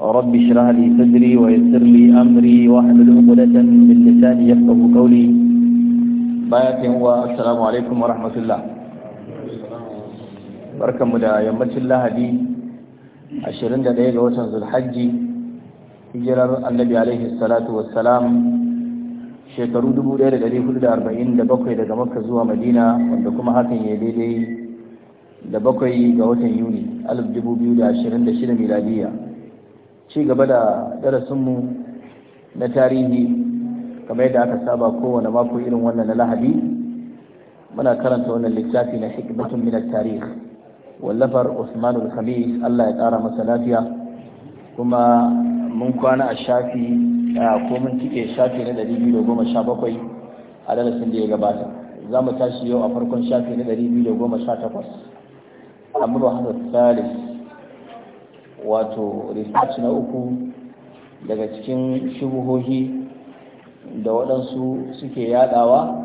رب اشرح لي صدري ويسر لي امري واحلل عقدة من لساني يفقه قولي بايك والسلام عليكم ورحمة الله barkanmu da yammacin lahadi 21 ga watan zulhajji hijirar annabi alaihi salatu wassalam shekaru bakwai daga makka zuwa madina wanda kuma hakan ya daidai da bakwai ga watan yuni shida miladiya ci gaba da darasinmu na tarihi kamar yadda aka saba kowane mako irin wannan na lahadi muna karanta wannan littafi na hikmatun minar tarih wallafar usman al-khamis allah ya tsara masa lafiya kuma mun kwana a shafi a komin cike shafi na 217 a darasin da ya gabata za mu tashi yau a farkon shafi na 218 amma ba salis wato research na uku daga cikin shubuhohi da waɗansu suke yadawa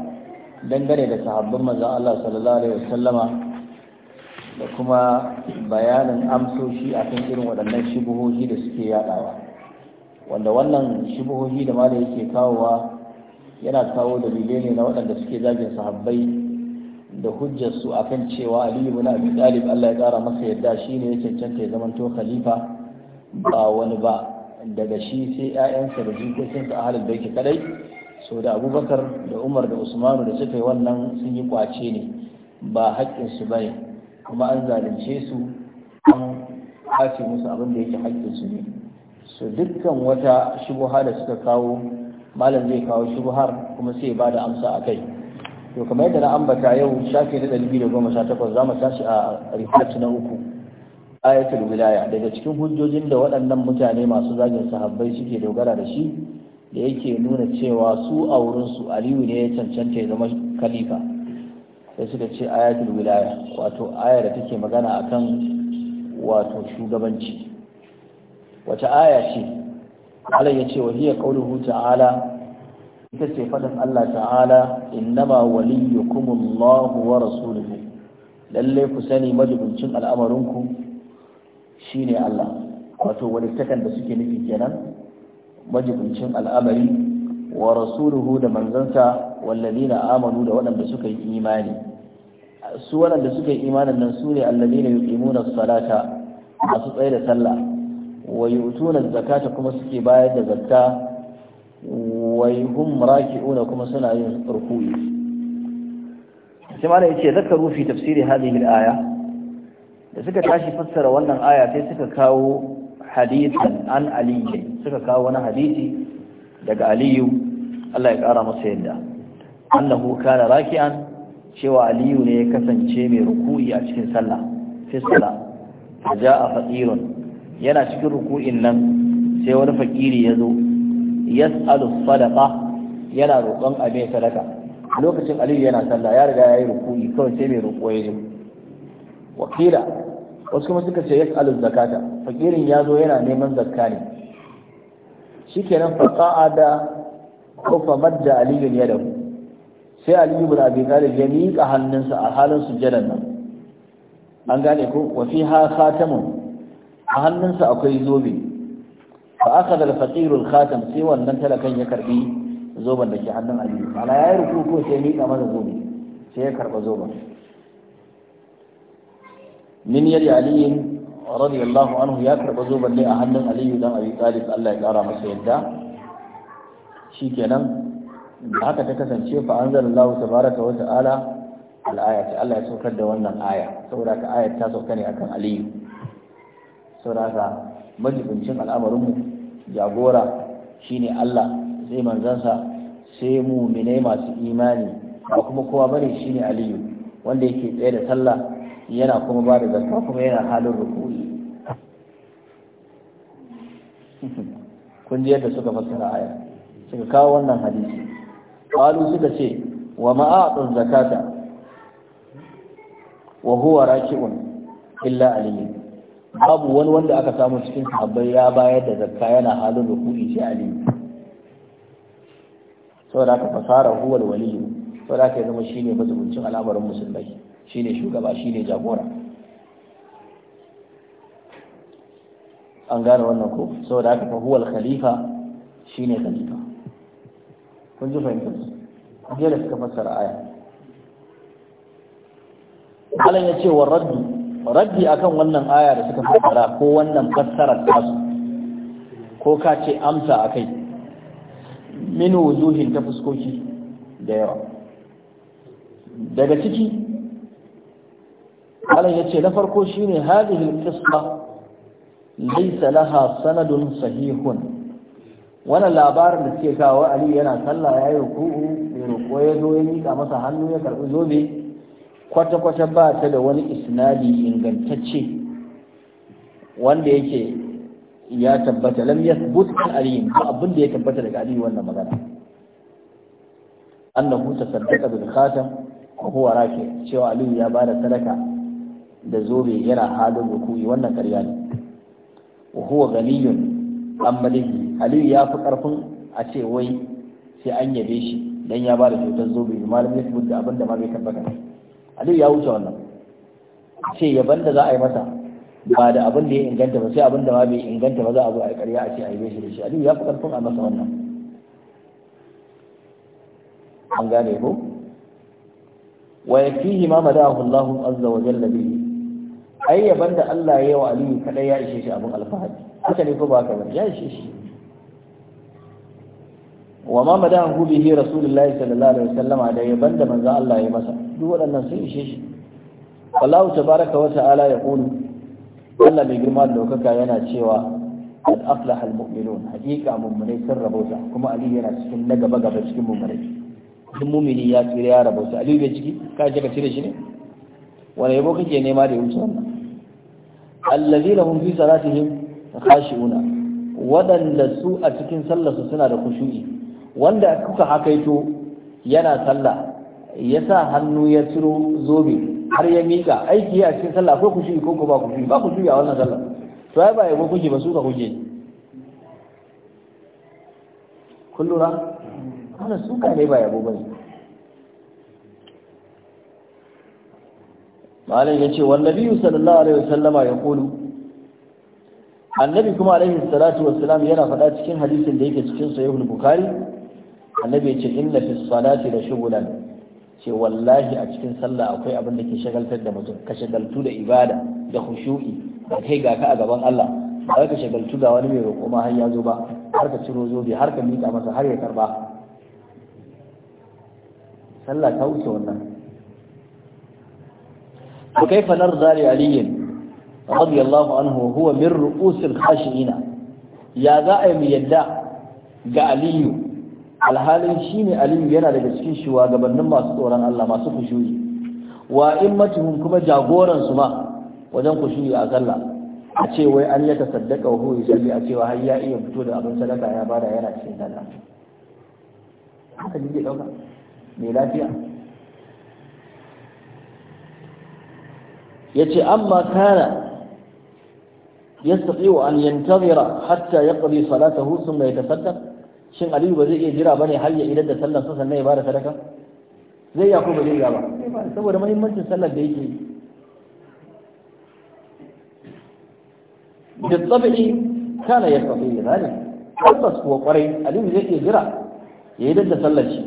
dangane da sahabban manzon Allah sallallahu alaihi wasallama da kuma bayanin amsoshi akan irin waɗannan shubuhohi da suke yaɗawa. wanda wannan shubuhohi da ma da yake kawowa yana kawo dalilai ne na waɗanda suke zagin sahabbai da hujjar su akan cewa Ali ibn Abi Talib Allah ya kara masa yadda shine ya cancanta ya zama to khalifa ba wani ba daga shi sai ƴaƴansa da sa ahlul baiti kadai so da Abubakar da Umar da Usmanu da suka yi wannan sun yi kwace ne ba haƙƙin su bane kuma an zalunce su an kace musu abin da yake haƙƙin su ne so dukkan wata shubuha da suka kawo malam zai kawo shubuhar kuma sai ya bada amsa a kai to kamar yadda na ambata yau shafi na ɗari da goma sha takwas za mu tashi a rifat na uku ayatul wilaya daga cikin hujjojin da waɗannan mutane masu zagin sahabbai suke dogara da shi da yake nuna cewa su a wurinsu aliyu ne ya cancanta ya zama khalifa sai suka ce ayatul wilaya wato aya da take magana akan wato shugabanci wata aya ce Allah ya ce wa hiya qauluhu ta'ala ita ce faɗin Allah ta'ala innama waliyukumullahu wa rasuluhu lalle ku sani majibincin al'amarinku shine Allah wato walittakan da suke nufi kenan majibincin al'amari wa rasuluhu da manzansa wallazina amanu da waɗanda suka yi imani su waɗanda suka yi imanin nan su ne allazina yuqimuna as-salata masu tsaye da sallah wa yu'tuna zakata kuma suke bayar da zakka wai hum raki'una kuma suna yin ruku'i sai ce yace zakaru fi tafsiri hadhihi al-aya da suka tashi fassara wannan aya sai suka kawo hadithan an ali suka kawo wani hadisi daga aliyu Allah ya kara masa yadda annahu kana raki'an cewa aliyu ne ya kasance mai ruku'i a cikin sallah fi sallah faja'a faqirun yana cikin ruku'in nan sai wani fakiri ya zo yas'alu sadaqa yana roƙon abin sadaka lokacin aliyu yana sallah ya riga ya yi ruku'i kawai sai mai roƙo ya zo wakila wasu kuma suka ce yas'alu zakata fakirin ya zo yana neman zakka ne shikenan da ko fa madda aliyu da sai aliyu bin abi talib ya miƙa hannunsa a halin sujjadan nan an gane ko wa fiha khatamun a hannunsa akwai zobe fa akhadha al-faqir al-khatam sai wannan talakan ya karbi zoban da ke hannun aliyu ma'ana ya yi ruku ko sai miƙa masa zobe sai ya karba zoban min yadi aliyin radiyallahu anhu ya karba zoban ne a hannun aliyu dan abi talib Allah ya kara masa yadda shikenan da haka ta kasance fa anzalallahu tabaraka wa ta'ala al Ta Allah ya saukar da wannan aya saboda ka ayat ta sauka ne akan aliyu saboda ka majibincin al'amarin mu jagora shine Allah sai manzansa sai muminai masu imani ba kuma kowa bane shine aliyu wanda yake tsaye da sallah yana kuma ba da zakka kuma yana halin rukuni kun ji yadda suka fassara aya suka kawo wannan hadisi qalu suka ce wa ma'atun zakata wa huwa raki'un illa aliyu babu wani wanda aka samu cikin sahabbai ya bayar da zakka yana halin rukuni shi ali saboda aka fasara huwal waliyu saboda aka zama shine mazubuncin al'amarin musulmai shine shugaba shine jagora an gane wannan ko saboda aka fa huwal khalifa shine khalifa kun ji fahimtar su ka fasara suka aya Allah ya ce raddi akan wannan aya da suka fara ko wannan fassarar tasu ko ka ce amsa a kai min wujuhin ta fuskoki da yawa daga ciki Allah ya ce na farko shine hadihil qissa laysa laha sanadun sahihun wannan labarin da suke kawo Ali yana sallah yayi ruku'u mai roƙo ya zo ya mika masa hannu ya karɓi zobe kwata-kwata ba ta da wani isnadi ingantacce wanda yake ya tabbata lam yathbut an aliyin ba abin da ya tabbata daga aliyu wannan magana annahu tasaddaqa bil khatam wa huwa rafi cewa aliyu ya bada sadaka da zobe yana halin rukuyi wannan ƙarya ne wa huwa ghaliyun an malihi aliyu ya fi karfin a ce wai sai an yabe shi dan ya bada kyautar zobe malamin yathbut da abin da ma bai tabbata aliyu ya wuce wannan ce yaban da za a yi masa ba da abin da ya inganta ba sai abin da ma bai inganta ba za a zo a yi ƙarya a ce a yi shi da shi aliyu ya fi ƙarfin a masa wannan an gane ko wa hima ma madahu Allahu azza wa jalla bihi ai yaban da Allah ya yi wa aliyu kaɗai ya ishe shi abin alfahari haka ne ko ba ka ba ya ishe shi wa ma gubi bihi rasulullahi sallallahu alaihi wasallam da ya da manzo Allah ya masa duk waɗannan sun ishe shi wallahu tabaraka wa ta'ala ya qulu Allah mai girma da daukaka yana cewa aflah al mu'minun haqiqa mu'minai sun rabota kuma Ali yana cikin na gaba gaba cikin mu'minai duk mu'mini ya tsira ya rabota Ali bai ciki ka je ka cire shi ne wani yabo kake nema da yunsu wannan allazina hum fi salatihim khashi'una wadanda su a cikin sallarsu suna da khushu'i wanda kuka hakaito yana sallah ya sa hannu ya ciro zobe har ya miƙa aiki a cikin sallah ko kushi ko ku ba kushi ba ku shi a wannan sallah to ai ba ya ko kushi ba su ka kushi kun lura wannan suka ne ba go bane malam yace wallahi sallallahu alaihi wasallama ya kulu annabi kuma alaihi salatu wassalam yana faɗa cikin hadisin da yake cikin sahihul bukhari annabi bai ce inna fi salati da shugulan ce wallahi a cikin sallah akwai abin da ke shagaltar da mutum ka shagaltu da ibada da khushu'i da kai ga ka a gaban Allah ba ka shagaltu da wani mai roƙo ma har ya zo ba har ka ciro zobe har ka masa har ya karba sallah ta wuce wannan وكيف نرضى لعلي رضي الله عنه وهو من رؤوس الخاشعين يا ذا يدا ga Aliyu alhalin shi ne aliyu yana daga cikin shugabannin masu tsoron Allah masu kushuri wa in matuhun kuma jagoran su ma wajen kushuri a sallah a ce wai an ya tasaddaka wa huwa yusalli a cewa har ya iya fito da abin sadaka ya bada yana cikin sallah haka ne dauka mai lafiya yace amma kana yastati an yantazira hatta yaqdi salatahu thumma yatasaddaq shin aliyu ba zai iya jira bane har ya idan da sallar sa sannan ya bada sadaka zai ya ko ba zai ba saboda muhimmancin sallar da yake da tsabi'i kana ya tsabi zalik tabbas kuwa kwarai aliyu zai iya jira ya idan da sallar shi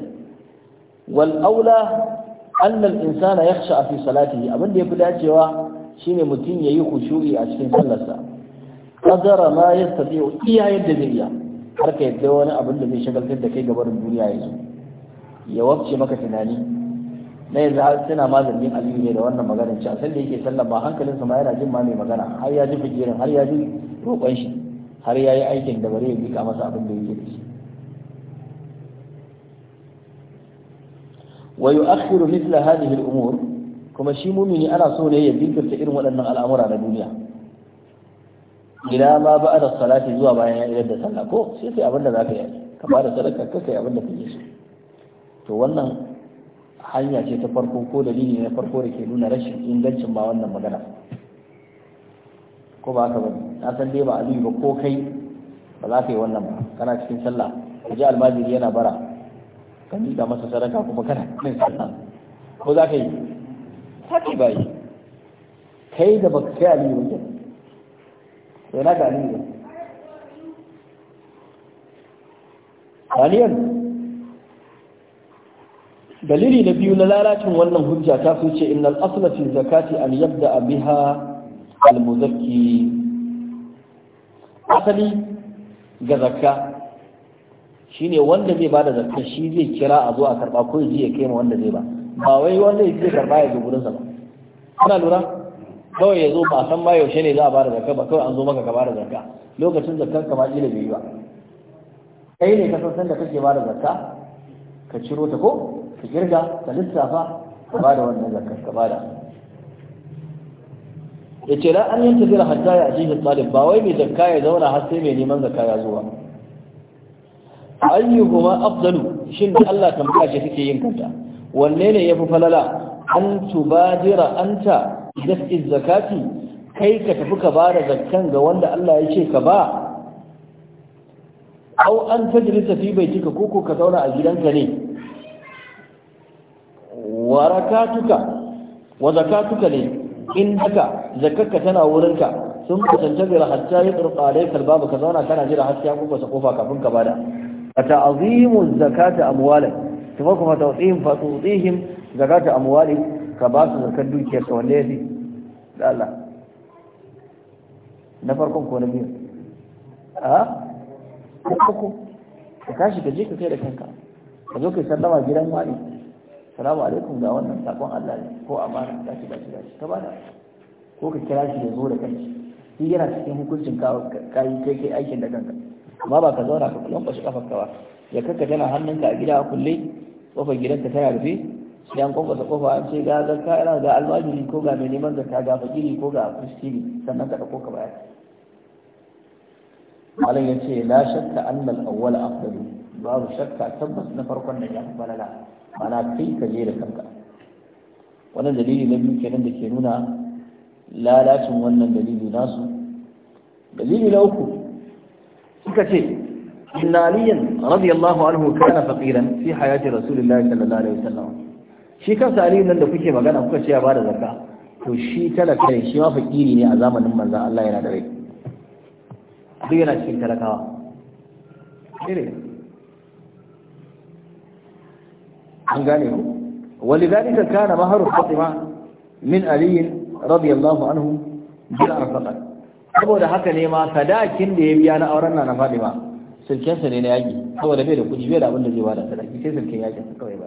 wal aula أن الإنسان يخشى في صلاته أبن دي بلا جوا شين متين يخشوعي أشكين صلصة قدر ما يستطيع إياه iya. har ka yadda wani abin da zai shagaltar da kai gabarin duniya yanzu ya wafce maka tunani na yanzu har suna mazamin aliyu ne da wannan maganar ci a san da yake sallah ba hankalinsa ma yana jin ma mai magana har ya ji fikirin har ya ji roƙon shi har ya yi aikin da bari ya miƙa masa abin da yake da shi wa yu'akhiru mithla hadhihi al-umur kuma shi mumini ana so ne ya jinkirta irin waɗannan al'amura na duniya Gida ma ba da salati zuwa bayan idan da sallah ko sai kai abin da zaka yi ka ba da sadaka ka kai abin da kake so to wannan hanya ce ta farko ko dalili na farko da ke nuna rashin ingancin ba wannan magana ko ba ka bari? na san dai ba aliyu ba ko kai ba za ka yi wannan ba kana cikin sallah ka ji almajiri yana bara ka miƙa masa sadaka kuma kana cikin sallah ko za ka yi ta ba yi kai da baka kai aliyu ba kenan Eh, na dalili na biyu na lalacin wannan hujja ta su ce innal asla zakati an yabda biha al muzakki asali ga zakka shine wanda zai bada zakka shi zai kira a zo a karba ko ya kai ma wanda zai ba ba wai wanda ya zai karba ya zo gurin sa ba kana lura kawai ya zo ba san ma yaushe ne za a bada zakka ba kawai an zo maka ka bada zakka lokacin zakkar ka ba kila bai ba kai ne ka san sanda kake bada zakka ka ciro ta ko ka girga ka lissafa ka bada wannan zakkar ka bada yace la an yantafi da hatta ya ajihi talib ba wai mai zakka ya zauna har sai mai neman zakka ya zo ba ayyuhuma afdalu shin Allah tambaya shi take yin kanta wanne ne yafi falala an tubadira anta dafi zakati kai ka tafi ka ba da zakkan ga wanda Allah ya ce ka ba au an tajrisa fi baitika koko ka zauna a gidanka ne wa rakatuka wa zakatuka ne in haka zakkarka tana wurinka sun kusanta bi hatta ya turqa alaykal babu ka zauna kana jira har ya kuka kofa kafin ka bada ta'zimu zakata amwalan tafakkuma tawdihim fa tudihim zakata amwalihim ka ba su zakar ka wanda ya fi Allah na farkon ko na biyu a farko ka kashi ka je ka kai da kanka ka zo kai sallama gidan wani salamu alaikum ga wannan sakon Allah ne ko amana da shi ba shi da shi ka bada ko ka kira shi ya zo da kanki shi yana cikin hukuncin kayi kai kai aikin da kanka amma ba ka zauna ka shi kafa ba ya kanka tana hannunka a gida a kulle kofar gidanka tana rufe sai an da kofa an ce ga zakka ina ga almajiri ko ga mai neman zakka ga fakiri ko ga kristini sannan ka dauko ka bayar malam ya ce la shakka annal awwal afdalu babu shakka tabbas na farkon da ya fi balala mana kai ka je da kanka wannan dalili na biyu kenan da ke nuna lalacin wannan dalili nasu dalili na uku suka ce inna aliyan radiyallahu anhu kana faqiran fi hayati rasulillahi sallallahu alaihi wasallam shi kansa aliyu nan da kuke magana kuka ce ya bada zakka to shi talaka ne shi ma fakiri ne a zamanin manzan Allah yana da rai duk yana cikin talakawa shine an gane ku ولذلك كان مهر فاطمة من علي رضي الله عنه جرعا فقط saboda haka ne ma sadakin da ya biya na auren na fatima Fadima sulkensa ne na yaki. saboda bai da kuɗi bai da abin da zai bada sadaki sai sulken yaƙin kawai ba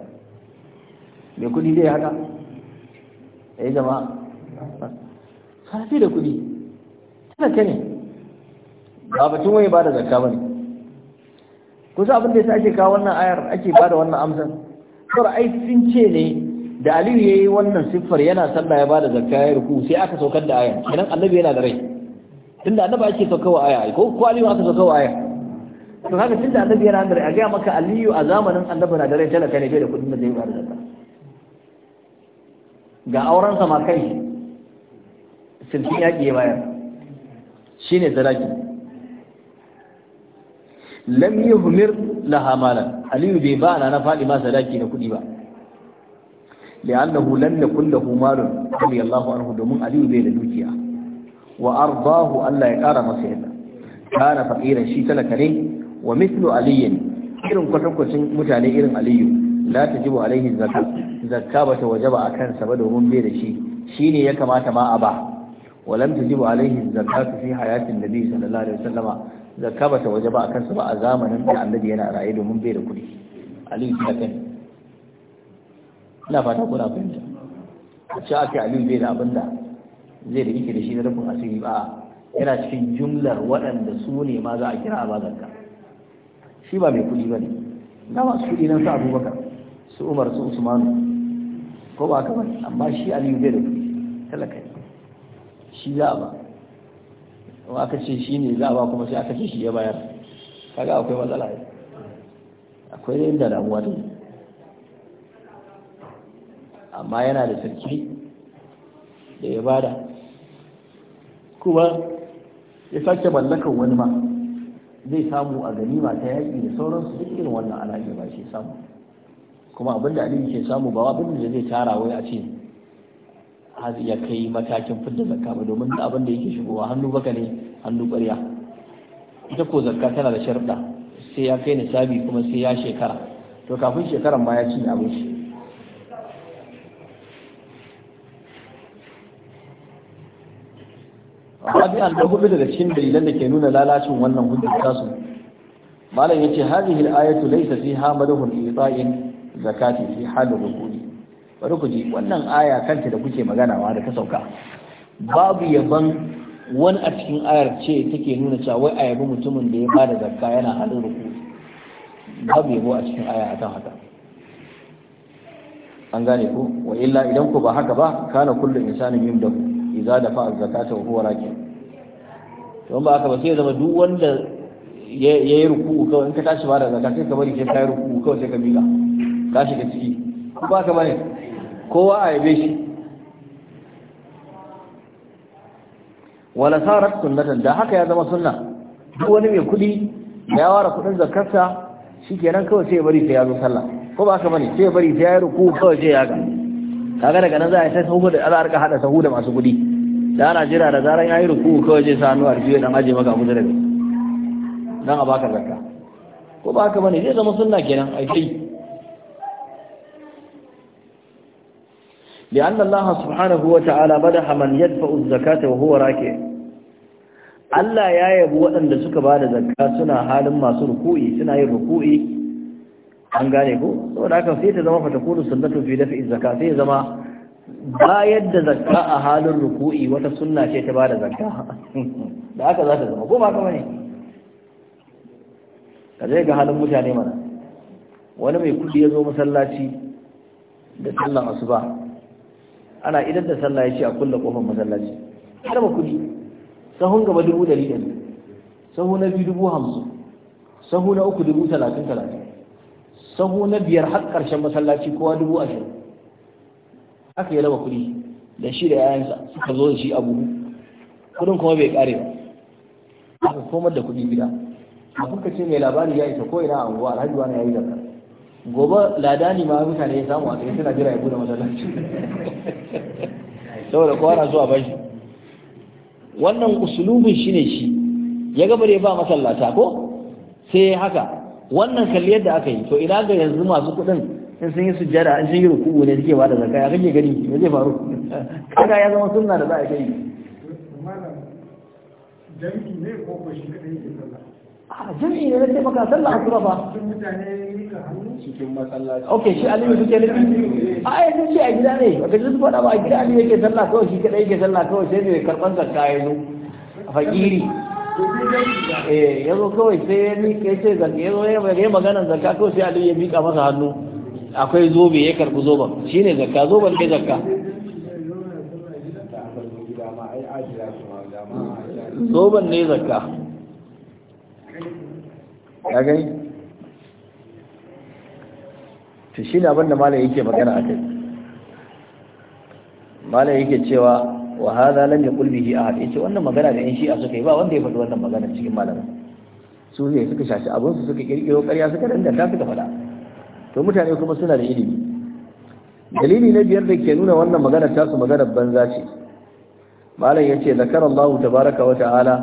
mai kudi zai haka ya eh, yi zama sarfi da kudi talaka ne ba batun wani ba da zakka ba ne kusa abin da ya sa ake kawo wannan ayar ake ba da wannan amsar kar ai sun ce ne da aliyu ya yi wannan siffar yana sallah ya ba da zakka ya ruku sai aka saukar da ayar kenan annabi yana da rai tunda annabi ake saukawa aya ko ko aliyu aka wa aya to haka tunda annabi yana da rai, a gaya maka aliyu a zamanin annabi na da rai talaka ne bai da kudin da zai ba da zakka ga aurensa ma kai silfin yaƙi ya bayar shi ne zaraki lam yi humir laha malan aliyu bai ba na na faɗi ma zaraki na kuɗi ba li'annahu lam yakun lahu malun allah anhu domin aliyu bai da dukiya wa ardahu Allah ya ƙara masa yadda kana faqiran shi talaka ne wa mithlu aliyin irin kwatankwacin mutane irin aliyu لا تجب عليه zakka a kansa ba domin bai da shi shine ya kamata ma a ba walam tajibu alaihi zakka fi hayatin nabi sallallahu alaihi wasallama zakka bata wajaba a kansa ba a zamanin da yana raye domin bai da kudi. aliyu ta kai fata fahimta a ake aliyu bai da abinda zai da yake da shi na rufin asiri ba yana cikin jumlar waɗanda su ne ma za a kira shi ba mai kuɗi ba ne na masu kuɗi sa abubakar su umar su usmanu ko ba kamar amma shi aliyu zai da kuɗi talaka shi za a ba kuma aka ce shi ne za a ba kuma sai aka ce shi ya bayar kaga akwai matsala ya akwai inda damuwa ne amma yana da sarki da ya bada kuma ya sake mallakan wani ma zai samu a ganima ta yaƙi da sauransu duk irin wannan ana ba shi samu kuma abin da aliyu ke samu ba abin da zai tara wai a ce har ya kai matakin fidda zakka ba domin da abin da yake shigowa hannu baka ne hannu ƙwarya ita ko zakka tana da sharɗa sai ya kai nisabi kuma sai ya shekara to kafin shekaran ma ya ci abin shi rabi'an da hudu daga cikin dalilan da ke nuna lalacin wannan hujjar tasu malam yace hadhihi al-ayatu laysa fiha madahun iba'in zakati fi halin rukuni bari ku ji wannan aya kanta da kuke magana wa da ta sauka babu yaban wani a cikin ayar ce take nuna cewa wai a yabi mutumin da ya bada zakka yana halin rukuni babu yabo a cikin aya akan haka an gane ko wa illa idan ku ba haka ba kana kullu insani yin da da dafa zakata wa huwa raki to ba haka ba sai zama duk wanda ya yi ruku kawai in ka tashi da zakata sai ka bari sai ka yi ruku kawai sai ka miƙa ka shiga ciki ba ka bane kowa a yabe shi wala sarat sunnatan da haka ya zama sunna duk wani mai kudi ya ware kudin zakarsa shikenan kawai sai ya bari sai ya zo sallah ko ba ka bane sai ya bari sai ya ruku kawai sai ya ga kaga daga nan za a yi sai sahu da za a rika hada sahu da masu kudi da ana jira da zaran ya yi ruku kawai sai sa hannu a rijiyo dan aje maka abu da dan a baka zakka ko ba ka bane zai zama sunna kenan ai kai لأن الله سبحانه وتعالى مدح من يدفع الزكاة وهو راكع Allah ya yabi waɗanda suka ba da zakka suna halin masu ruku'i suna yin ruku'i an gane ko da aka sai ta zama fata kudu sunnatu fi dafi zakka sai ya zama bayar da zakka a halin ruku'i wata sunna ce ta ba da zakka da haka za ta zama ko ba ka ka zai ga halin mutane mana wani mai kudi ya zo masallaci da sallan asuba ana idan da sallah ya ce a kulle kofar masallaci har ba kuɗi sahun gaba dubu ɗari ɗari sahu na biyu dubu hamsin sahu na uku dubu talatin talatin sahu na biyar har ƙarshen masallaci kowa dubu ashirin aka yi raba kuɗi da shi da yayansa suka zo da shi abu kuɗin kuma bai ƙare ba aka komar da kuɗi gida a kuka ce mai labari ya isa ko ina a unguwa alhaji wani ya yi zakar gobe lada ne ma mutane ya samu a cikin suna jira ya bude masallaci saboda kowa na zuwa bashi wannan usulubin shine shi ya gabar ya ba masallata ko sai haka wannan kalli yadda aka yi to ina ga yanzu masu kuɗin in sun yi sujjada in sun yi ruku'u ne suke ba da zakka ya kake gani me zai faru kaga ya zama sunna da za a kai jami'i ne na taimaka sallah asuba ba cikin masallaci ok shi aliyu suke nufi a ai sun ce a gida ne ba kaji suka faɗa ba a gida aliyu yake sallah kawai shi kadai yake sallah kawai sai mai karɓar zakka ya zo fakiri eh ya zo kawai sai ya miƙa ya zakka ya zo ya magana zakka kawai sai aliyu ya miƙa masa hannu akwai zobe ya karɓi zoben shine zakka zoben ne zakka zoben ne zakka ya gani to shi ne abin da malam yake magana a kai malam yake cewa wa haza lam yaqul bihi ahad yace wannan magana da yan a suka yi ba wanda ya faɗi wannan magana cikin malamin su ne suka shashi abin su suka kirkiro ƙarya suka ta suka faɗa to mutane kuma suna da ilimi dalili na biyar da ke nuna wannan magana ta su magana banza ce malam yace zakara Allah tabaraka wa ta'ala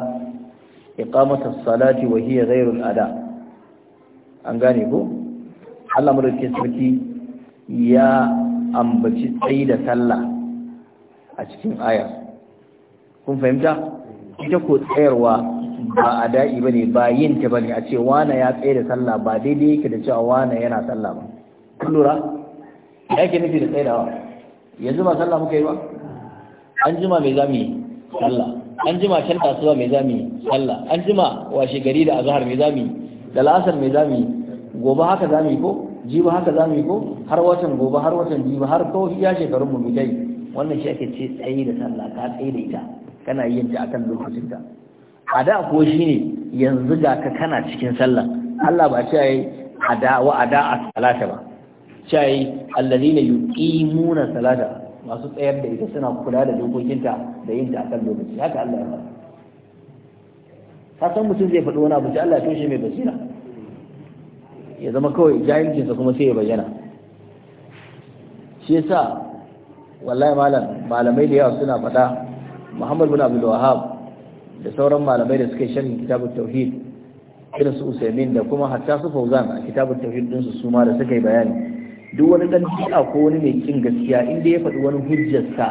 iqamatu as-salati wa hiya ghayru al-ada an gane ko Allah madaukakin sarki ya ambaci tsayi da sallah a cikin aya kun fahimta ita ko tsayarwa ba a da'i ba ne ba yin ta ba ne a ce wana ya tsaye da sallah ba daidai yake da cewa wana yana sallah ba kun lura ya ke nufi da tsayawa yanzu ba sallah muka yi ba an jima mai zami yi sallah an jima can kasuwa mai zami yi sallah an jima washe gari da azhar mai zami yi da la'asar mai zami yi gobe haka za mu yi ko jibi haka za mu yi ko har watan gobe har watan jibi har ko ya shekarun mu dai wannan shi ake ce tsaye da sallah ka tsaye da ita kana yin ta akan lokacin ta a da ko shine yanzu ga ka kana cikin sallah Allah ba ce yayi ada wa ada a salata ba ce yayi alladhina yuqimuna salata masu tsayar da ita suna kula da dokokinta da yin ta akan lokaci haka Allah ya faɗa ka san mutum zai faɗi wani abu sai Allah ya toshe mai basira ya zama kawai jahilcinsa kuma sai ya bayyana shi yasa wallahi malam malamai da yawa suna faɗa muhammad bin abdul wahab da sauran malamai da suka yi sharhin tauhid irin su usaimin da kuma hatta su fauzan a kitabut tauhid din su suma da suka yi bayani duk wani dan bid'a ko wani mai kin gaskiya inda ya faɗi wani hujjarsa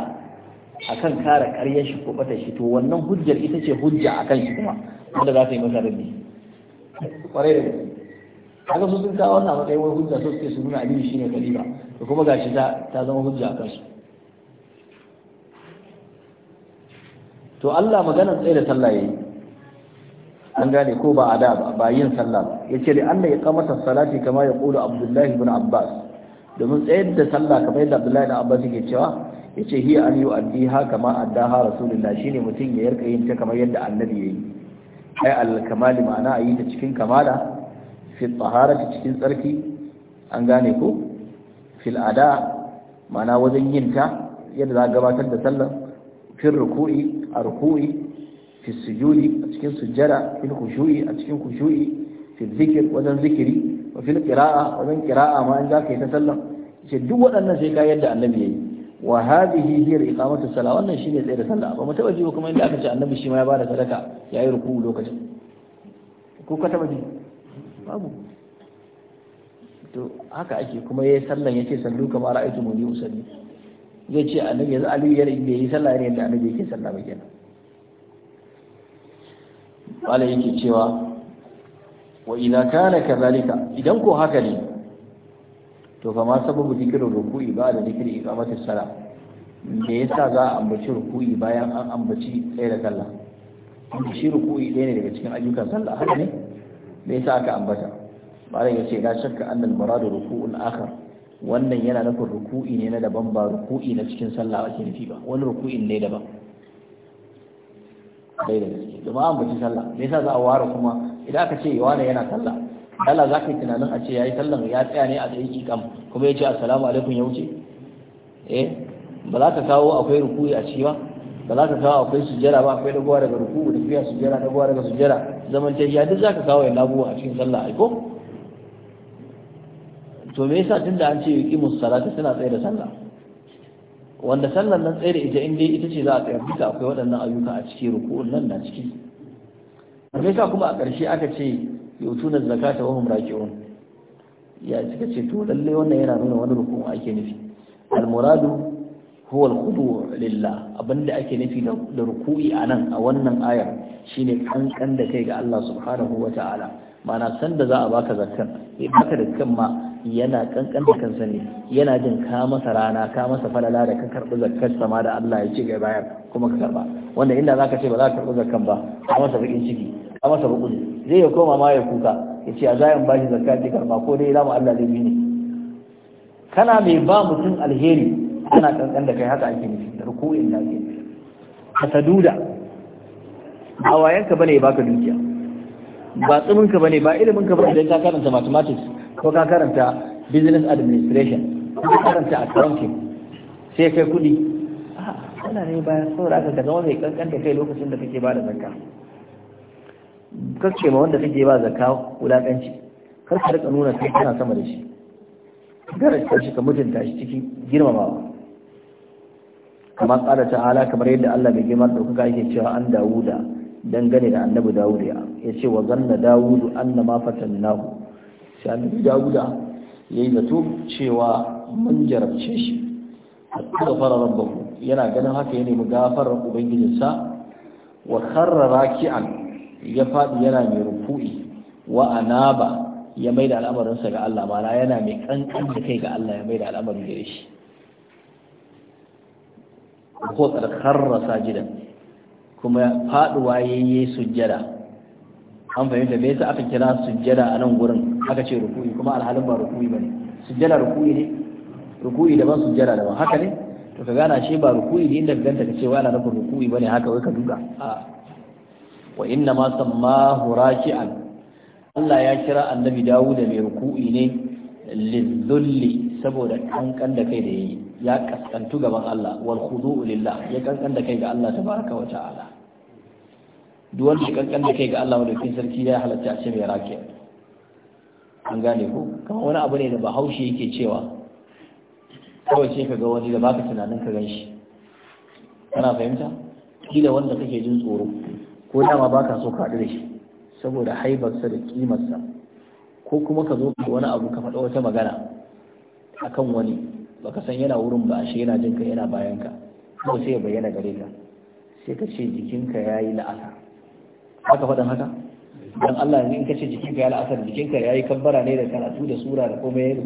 akan kare ƙaryar shi ko bata shi to wannan hujjar ita ce hujja akan shi kuma wanda za ta yi masa rabi da gaske kaga su sun kawo wannan matsayin wani hujja so suke su nuna aliyu shine khalifa to kuma gashi ta ta zama hujja a kansu to Allah magana tsaye da sallah yayi an gane ko ba ada ba ba yin sallah ba yace da Allah ya kamata salati kamar ya kula Abdullahi ibn Abbas domin tsayar da sallah kamar yadda Abdullahi ibn Abbas yake cewa yace hiya an yu'addiha kama addaha rasulullah shine mutum ya yarka yin ta kamar yadda annabi yayi ai al kamali ma'ana ayi ta cikin kamala fil taharati cikin tsarki an gane ko fil ada mana wajen yin ta yadda za a gabatar da sallar fil ruku'i a ruku'i fil sujudi a cikin sujjada fil khushu'i a cikin khushu'i fil zikir wajen zikiri wa fil qira'a wajen qira'a ma an za ka yi ta sallar ce duk waɗannan sai ka yadda annabi yayi wa hadhihi hiya iqamatu salat wannan shine tsaye da sallah ba mu taba ji kuma inda aka ce annabi shi ma ya bada sadaka yayi ruku lokacin ko ka taba ji babu to haka ake kuma ya sallan ya ce sallu kamar ra'aytu muni usalli zai ce annabi yanzu aliyu ya yi sallah ne da annabi yake sallah ba kenan wala yake cewa wa idza kana kadhalika idan ko haka ne to kama sababu dikirin ruku'i ba da zikirin iqamati sala me yasa za a ambaci ruku'i bayan an ambaci tsaye da sallah shi ruku'i ɗaya ne daga cikin ayyukan sallah haka ne me yasa aka ambata malam yace ga shakka annal al-murad ruku'un akhar wannan yana nufin ruku'i ne na daban ba ruku'i na cikin sallah ake nufi ba wani ruku'in ne daban dai da gaske domin an bace sallah me yasa za a ware kuma idan aka ce yawa yana sallah Allah za ka yi tunanin a ce ya yi ya tsaya ne a tsaye kam kuma ya ce assalamu alaikum ya wuce eh ba za ka kawo akwai ruku'i a ciki ba ba za ka kawo akwai sujjara ba akwai dagowa daga ruku da fiya sujjara dagowa daga sujjara zaman tafiya duk za ka kawo yana abubuwa a cikin sallah aiko to me yasa tunda an ce musu salata suna tsaye da sallah wanda sallar nan tsaye da ita inda ita ce za a tsayar duka akwai waɗannan ayyuka a cikin ruku nan na ciki me yasa kuma a ƙarshe aka ce yutuna zakata wa ke wani? ya cika ce to lallai wannan yana nuna wani rukun ake nufi al muradu huwa kudu khudu abinda ake nufi da ruku'i anan a wannan ayar shine kankan da kai ga Allah subhanahu wata'ala mana san da za a baka zakkan ya baka kan ma yana kankan da kansa ne yana jin ka masa rana ka masa falala da ka karbi zakkar sama da Allah ya ce ga bayar kuma ka karba wanda inda ka ce ba za ka karbi zakkan ba ka masa bakin ciki ka masa rukuni zai ya koma ma ya kuka ya ce a zayan bashi zakka ki karɓa ko dai lamu Allah zai bi ne kana mai ba mutum alheri ana kankan da kai haka ake nufi ruku'in da ake ka duda ba wayanka bane ba ka dukiya ba tsiminka bane ba iliminka ba idan ka karanta mathematics ko ka karanta business administration ko ka karanta accounting sai kai kudi ana ah, ne bayan saboda aka ka zama mai kankan da kai lokacin da kake ba da zakka kace ma wanda kake ba zakka wulakanci kar ka rika nuna kai kana sama da shi garanta shi ka mutunta shi cikin girmamawa kama kala ta'ala kamar yadda Allah mai girma ɗaukaka yake cewa an Dawuda dangane da annabi Dawuda ya ce wa zanna Dawudu anna ma fatannahu sai annabi Dawuda yayi zato cewa mun jarabce shi hatta fara rabbahu yana ganin haka ya nemi gafar ubangijinsa wa kharra raki'an ya faɗi yana mai ruku'i wa anaba ya maida al'amarinsa ga Allah ma'ana yana mai ƙanƙan da kai ga Allah ya maida al'amarin gare shi ko rasa sajidan kuma faduwa yayi sujjada an fahimta me yasa aka kira sujjada a nan gurin aka ce ruku'i kuma alhalin ba ruku'i ne sujjada ruku'i ne ruku'i daban sujjada daban haka ne to ka gana shi ba ruku'i ne inda ganta ka ce wa ana nufin ruku'i bane haka wai ka duka wa inna ma samma huraki'an Allah ya kira annabi Dawud mai ruku'i ne lizulli saboda kankan da kai da yayi ya kaskantu gaban Allah wal khudu lillah ya kankan da kai ga Allah tabaraka wa ta'ala duwan da kankan da kai ga Allah wanda kin sarki ya halatta a ce mai rake an gane ko kamar wani abu ne da bahaushe yake cewa kawai sai ka ga wani da baka tunanin ka ganshi kana fahimta kila wanda kake jin tsoro ko dama baka so ka haɗu da shi saboda haibarsa da kimarsa ko kuma ka zo ka wani abu ka faɗa wata magana akan wani baka san yana wurin ba ashe yana jinka yana bayanka ko sai ya bayyana gare ka sai ka ce jikinka ya yi la'asa haka faɗin haka don Allah in ka ce jikinka ya la'asar jikinka ya yi kabbara ne da karatu da sura da komai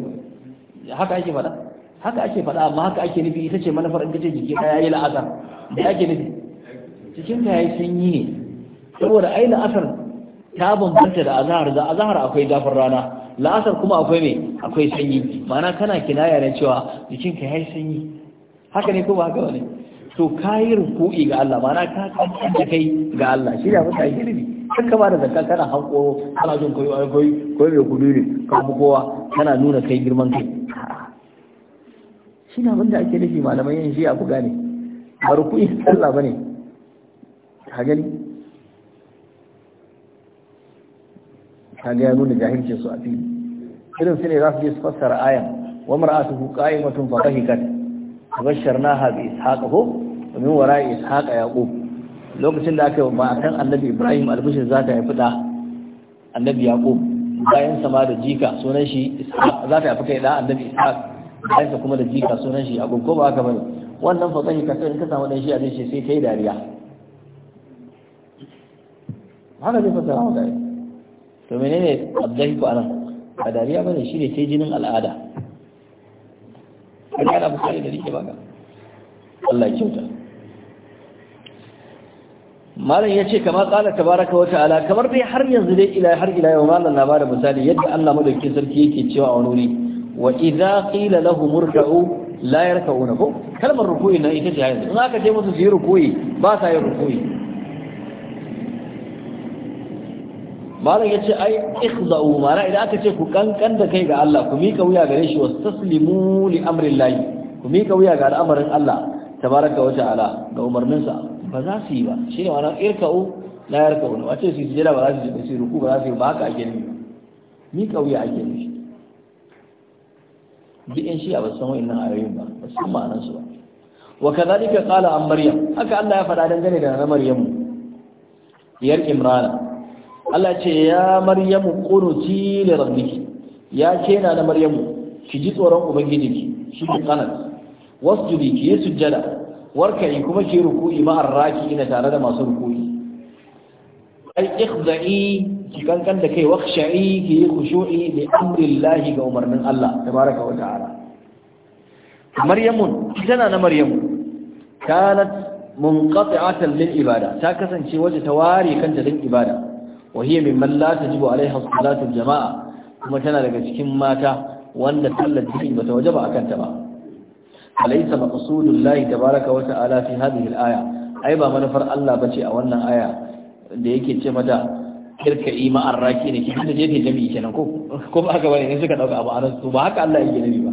ya haka ake faɗa haka ake faɗa amma haka ake nufi ita ce manufar in ka ce jikinka ya yi la'asa da ake nufi jikinka ya yi sanyi ne saboda ai la'asar ta bambanta da azahar da azahar akwai zafin rana la'asar kuma akwai me akwai sanyi ma'ana kana kinaya na cewa jikinka yayi sanyi haka ne ko ba haka bane to kayi ruku'i ga Allah ma'ana ka kanta da kai ga Allah shi ne abin da girbi kan kama da zakka kana hankoro kana jin koyo koyo koyo mai kudu ne kan kowa kana nuna kai girman kai shi ne abin da ake nufi malamai yin shi a ku gane ba ruku'i Allah bane ka gani kaga ya nuna jahilcin su a fili irin su ne za su je su fassara ayan wa mar'atuhu qa'imatun fa dhahikat basharnaha bi ishaqa ko min wara'i ishaqa yaqub lokacin da aka yi ba kan annabi ibrahim albishir za ta haifi da annabi yaqub bayan sama da jika sunan shi ishaq za ta haifi kai da annabi ishaq bayan sa kuma da jika sunan shi yaqub ko ba haka bane wannan fa dhahikat sai ka samu dan shi a sai kai dariya haka zai fassara wa dariya to menene abdahiku anan a dariya bane shine sai jinin al'ada kana da bukari da rike baka Allah ya kyauta malam yace kamar qala tabaraka wa ta'ala kamar dai har yanzu dai ila har ila yau malam na bada misali yadda Allah madaukakin sarki yake cewa a wani wa idza qila lahum irka'u la yarka'una ko kalmar ruku'i na ita ce yanzu in aka je musu su yi ruku'i ba sa yin ruku'i malam ya ce ai ikhza'u mara idan aka ce ku kankan da kai ga Allah ku mika wuya gare shi wastaslimu li amrillahi ku mika wuya ga al'amarin Allah tabaraka wa ta'ala ga umarninsa ba za su yi ba shine wannan irka'u la yarka'u wace su sujada ba za su yi ruku ba za su yi ba haka ake nufi mika wuya ake nufi duk shi shi'a ba san wa'annan ayoyin ba ba su ma'anar su ba wa kadhalika qala an maryam haka Allah ya faɗa dangane da na maryam diyar imrana Allah ce ya maryamu qunuti li rabbiki ya ke da maryamu ki ji tsoron ubangijinki shi ki kanat wasjudi ki sujjada warkai kuma ki ruku'i ma arraki ina tare da masu ruku'i ai ikhda'i ki kankan da kai wakhsha'i ki yi khushu'i li amrillahi ga umarnin Allah tabaraka wa ta'ala maryamun tana na maryamu kanat munqati'atan lil ibada ta kasance waje ta ware kanta din ibada وهي ممن لا تجب عليها صلاة jama'a? kuma tana daga cikin mata wanda sallar jami'i bata wajaba akan ta ba alaysa maqsudul lahi tabaaraka wa ta'ala fi hadhihi al-aya ai ba manufar Allah bace a wannan aya da yake ce mata kirka ima arraki ne kin da jefe jami'i kenan ko ko ba haka bane ne suka dauka abu anan to ba haka Allah yake nabi ba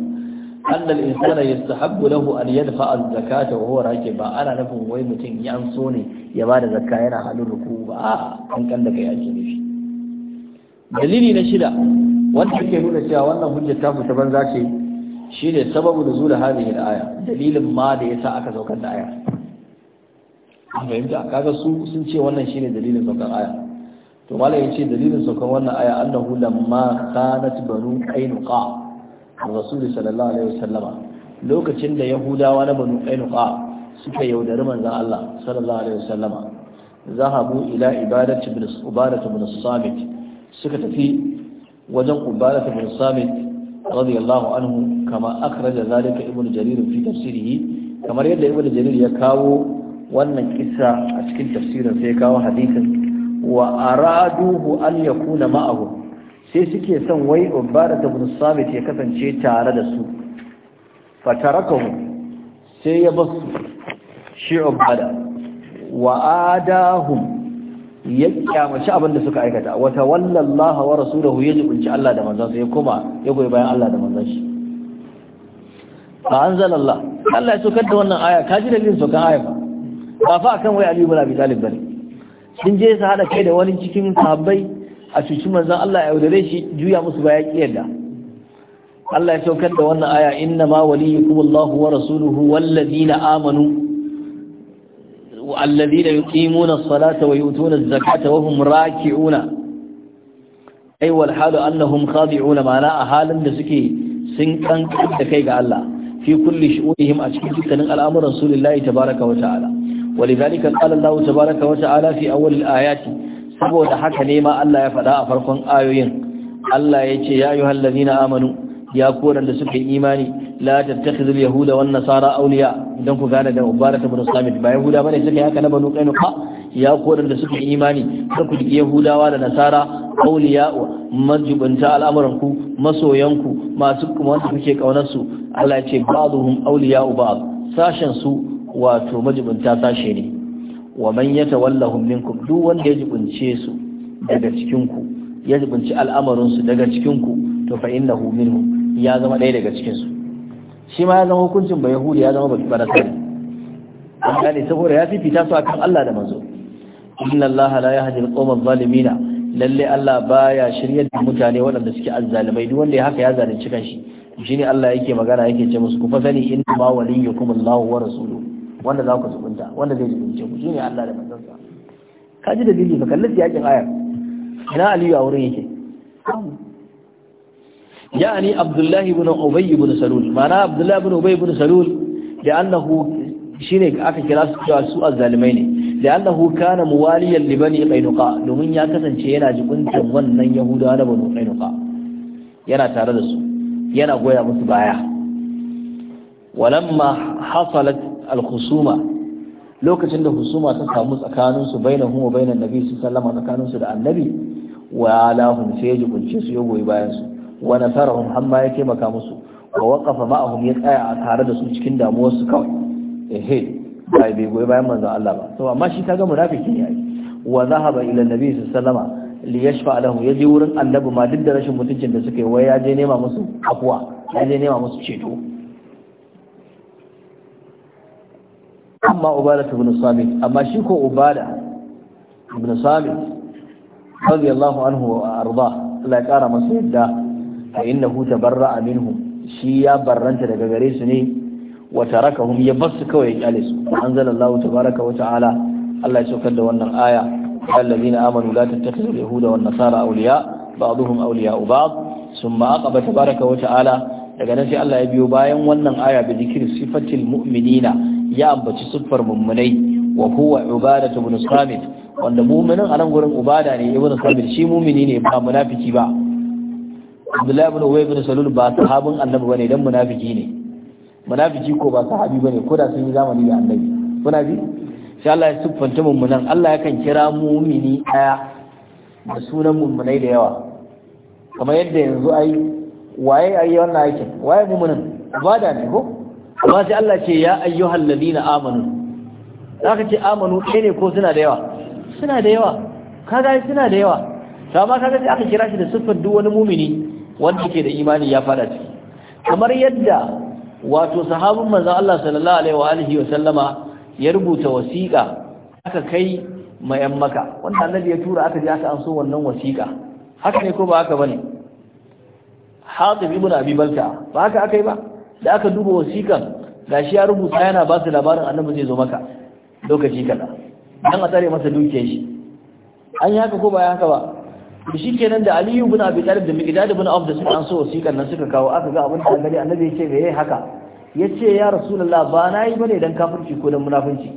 annal insana yastahabbu lahu an yadfa az-zakata wa huwa raki ba ana nufin wai mutum ya ne ya bada zakka yana halin ruku ba a an kan da kai ake nufi dalili na shida wanda yake nuna cewa hujjar ta fita banza ce shine sababu nuzul hadhihi al-aya dalilin ma da yasa aka saukar da aya an fahimta su sun ce wannan shine dalilin saukar aya dalilin saukar wannan aya annahu lamma kanat rasulullahi sallallahu alaihi wasallama lokacin da yahudawa na banu qainuqa suka yaudari manzan Allah sallallahu alaihi wasallama zahabu ila ibadati bin ubadatu bin samit suka tafi wajen ubadatu bin samit radiyallahu anhu kama akhraja zalika ibn jarir fi tafsirihi kamar yadda ibn jarir ya kawo wannan kissa a cikin tafsirin sai ya kawo hadisin wa araduhu an yakuna ma'ahu sai suke son wai ubada ta bin sabit ya kasance tare da su fatarakahu sai ya basu shi ubada wa adahum ya kyamaci abin da suka aikata wa tawalla wa rasuluhu ya jibinci Allah da manzansa ya koma ya goyi bayan Allah da manzon shi fa anzala Allah Allah ya sokar da wannan aya kaji da lin sokan aya fa ba fa akan wai Ali ibn Abi Talib bane sun je su hada kai da wani cikin sahabbai a cuci manzan Allah ya yaudare shi juya musu baya kiyarda Allah ya saukar da wannan aya inna ma waliyukum Allahu wa rasuluhu wallazina amanu wallazina yuqimuna as-salata wa yutuna az-zakata wa hum raki'una ay wal halu annahum khadi'una ma a halin da suke sun kankanta kai ga Allah fi kulli shu'urihim a cikin dukkanin al'amuran rasulillahi tabaaraka wa ta'ala ولذلك قال الله تبارك وتعالى في أول الآيات saboda haka ne ma Allah ya faɗa a farkon ayoyin Allah ya ce ya ayyuhal na amanu ya koran da suka yi imani la tattakhidul yahuda wan nasara awliya idan ku gane da ta bin samit ba yahuda bane suka yi haka na banu qainuqa ya koran da suka yi imani kar ku yi yahudawa da nasara awliya majubanta al'amuran ku masoyan ku masu kuma wanda kuke kaunar su Allah ya ce ba'dhum awliya ba'd sashen su wato majubanta sashe ne wa man yatawallahum minkum duk wanda ya jibince su daga cikin ku ya jibinci al'amarin su daga cikin ku to fa innahu minhum ya zama ɗaya daga cikin su shi ma ya zama hukuncin ba yahudi ya zama ba barasa ne an ne saboda ya fifita su akan Allah da manzo inna Allah la yahdi al-qawma adh-dhalimina lalle Allah baya shiryar da mutane waɗanda suke azzalimai duk wanda ya haka ya zalunci kanshi shine Allah yake magana yake ce musu ku fa sani inna ma waliyyukum Allahu wa rasuluhu wanda za ku zubunta wanda zai zubunce ku shine Allah da manzansa ka ji dalili ba kallasi yakin ayar ina aliyu a wurin yake yani abdullahi ibn ubay ibn salul mana abdullahi ibn ubay ibn salul da shine aka kira su cewa su azzalimai ne da annahu kana muwaliyan li bani qainuqa domin ya kasance yana jibuntan wannan yahudawa da bani qainuqa yana tare da su yana goya musu baya ولما حصلت al-khusuma lokacin da husuma ta samu tsakanin su bainahum wa bainan nabi sallama tsakanin su da annabi wa lahum sai ya jibunce su ya goyi bayan su wa nasarahum hamma ya taimaka musu wa waqafa ma'ahum ya tsaya a tare da su cikin damuwar su kawai ehe bai bai goyi bayan manzon Allah ba to amma shi kaga munafiki ne ai wa zahaba ila nabi sallama li yashfa lahu yaje wurin annabi ma duk da rashin mutuncin da suka yi wai ya je nema musu afwa ya je nema musu ceto amma ubada ibn samit amma shi ko ubada ibn samit radiyallahu anhu wa Allah ya kara masa yadda fa huta barra Aminu shi ya barranta daga gare su ne Wata tarakahum ya basu kawai ya kyale su anzalallahu tabaraka wa ta'ala Allah ya saukar da wannan aya alladhina amanu la tattakhidhu yahuda wan nasara awliya ba'dhum awliya'u ba'd thumma aqaba tabaraka wa ta'ala daga nan sai Allah ya biyo bayan wannan aya bi zikri sifatil mu'minina ya ambaci siffar mummunai wa huwa ta ibn samit wanda muminin a nan gurin ubada ne ibn samit shi mumini ne ba munafiki ba Abdullahi ibn Ubay ibn Salul ba sahabin Annabi bane dan munafiki ne munafiki ko ba sahabi bane ko da sun yi zamani da Annabi kuna bi? insha Allah ya siffanta mummunan Allah yakan kira mumini daya da sunan mummunai da yawa kamar yadda yanzu ai waye ai wannan aikin waye mummunan ibada ne ko amma sai Allah ce ya ayyuhal ladina amanu zaka ce amanu shine ne ko suna da yawa suna da yawa kaga suna da yawa amma kaga sai aka kira shi da siffar duk wani mumini wanda yake da imani ya fada ciki kamar yadda wato sahabun manzon Allah sallallahu alaihi wa alihi wa sallama ya rubuta wasiƙa aka kai mayan maka wanda annabi ya tura aka je aka so wannan wasiƙa haka ne ko ba haka bane Hatib ibn Abi Balta ba haka akai ba da aka duba wasikan, gashi ya rubuta yana ba su labarin annabi zai zo maka lokaci kaza dan a tsare masa dukiyar shi an yi haka ko ba ya haka ba shi kenan da aliyu ibn abi talib da miqdad ibn Abd da suka an so wasiƙan nan suka kawo aka ga abin da gari annabi ya ce ga yayi haka yace ya rasulullah ba na yi bane dan kafirci ko dan munafinci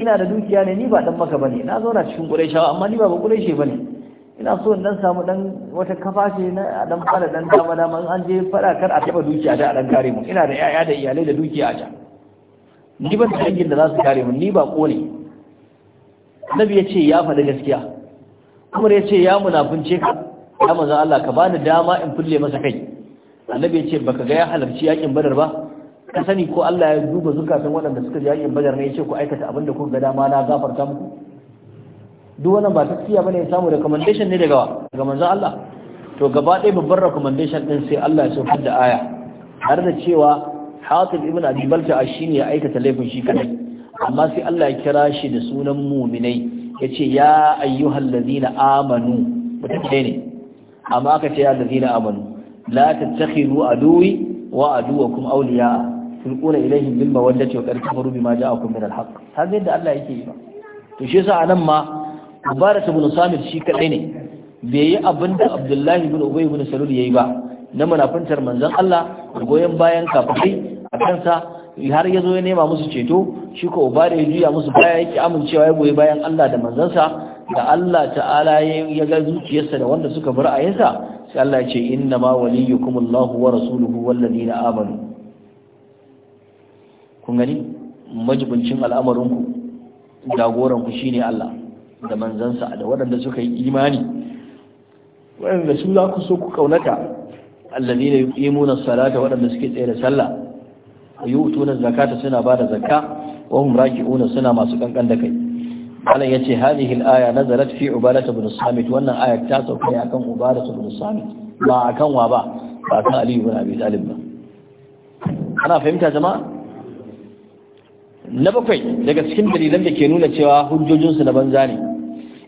ina da dukiya ne ni ba dan maka bane na zauna cikin Quraysh amma ni ba ba Quraysh bane ina so in dan samu dan wata kafa ce na dan fara dan dama dama an je fara kar a taba dukiya da dan kare mu ina da yaya da iyalai da dukiya a ta. ni ban da da za su kare mu ni ba kone nabi ya ce ya faɗi gaskiya kuma ya ce ya munafunce ka ya manzo Allah ka bani dama in fulle masa kai annabi ya ce baka ga ya halarci yakin badar ba ka sani ko Allah ya duba zukatan waɗanda suka ji yakin badar ne ya ce ku aikata abinda kuka ga dama na gafarta muku duk wannan ba tafiya bane ya samu recommendation ne daga daga manzon Allah to gaba ɗaya babbar recommendation din sai Allah ya saukar da aya har da cewa Hatib ibn Abi Balta shine ya aikata laifin shi kadai amma sai Allah ya kira shi da sunan muminai yace ya ayyuhal ladina amanu mutane ne amma aka ce ya ladina amanu la tattakhiru aduwi wa aduwakum awliya tulquna ilaihim bil mawaddati wa qad kafaru bima ja'akum min al haqq haka yadda Allah yake yi ba to shi yasa anan ma mubarak ibn samir shi kadai ne bai yi abin da abdullahi ibn ubay ibn salul yayi ba na munafuntar manzon Allah da goyen bayan kafirai a kansa har ya zo ya nema musu ceto shi ko ubare ya juya musu baya yake amincewa ya goyi bayan Allah da manzansa da Allah ta'ala ya ga zuciyarsa da wanda suka bar ayinsa sai Allah ya ce inna ma waliyukum Allahu wa rasuluhu wal ladina amanu kun gani majibincin al'amarin ku jagoran ku shine Allah da manzansa da waɗanda suka yi imani waɗanda su za ku so ku kaunata allazi ne yimuna salata waɗanda suke tsaye da sallah wa yu'tuna zakata suna ba da zakka wa hum raki'una suna masu kankan da kai Allah yace hadhihi al-aya nazalat fi ubadah ibn samit wannan aya ta sauka ne akan ubadah ibn samit ba akan wa ba ba akan ali ibn abi talib ba ana fahimta jama'a na bakwai daga cikin dalilan da ke nuna cewa hujjojinsu na banza ne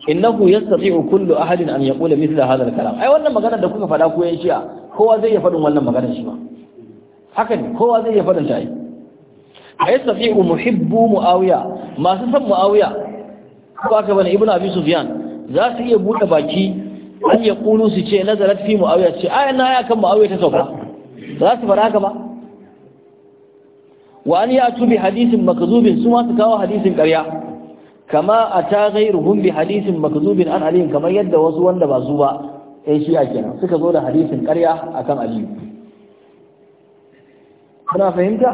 innahu yastati'u kullu ahadin an yaqula mithla hadha al-kalam ai wannan magana da kuka faɗa ko yan shi'a kowa zai iya faɗin wannan magana shi ba haka ne kowa zai iya faɗin ta ai yastati'u muhibbu muawiya masu san muawiya ko aka bani ibnu abi sufyan za su iya bude baki an ya kulu su ce nazarat fi muawiya ce ai na ya kan muawiya ta sauka za su fara haka ba wa an ya tubi hadisin makzubin su ma su kawo hadisin ƙarya kama a ta ghairuhum bi hadisin makzubin an aliyin kamar yadda wasu wanda ba su ba ɗan shi'a kenan suka zo da hadisin ƙarya akan aliyu kuna fahimta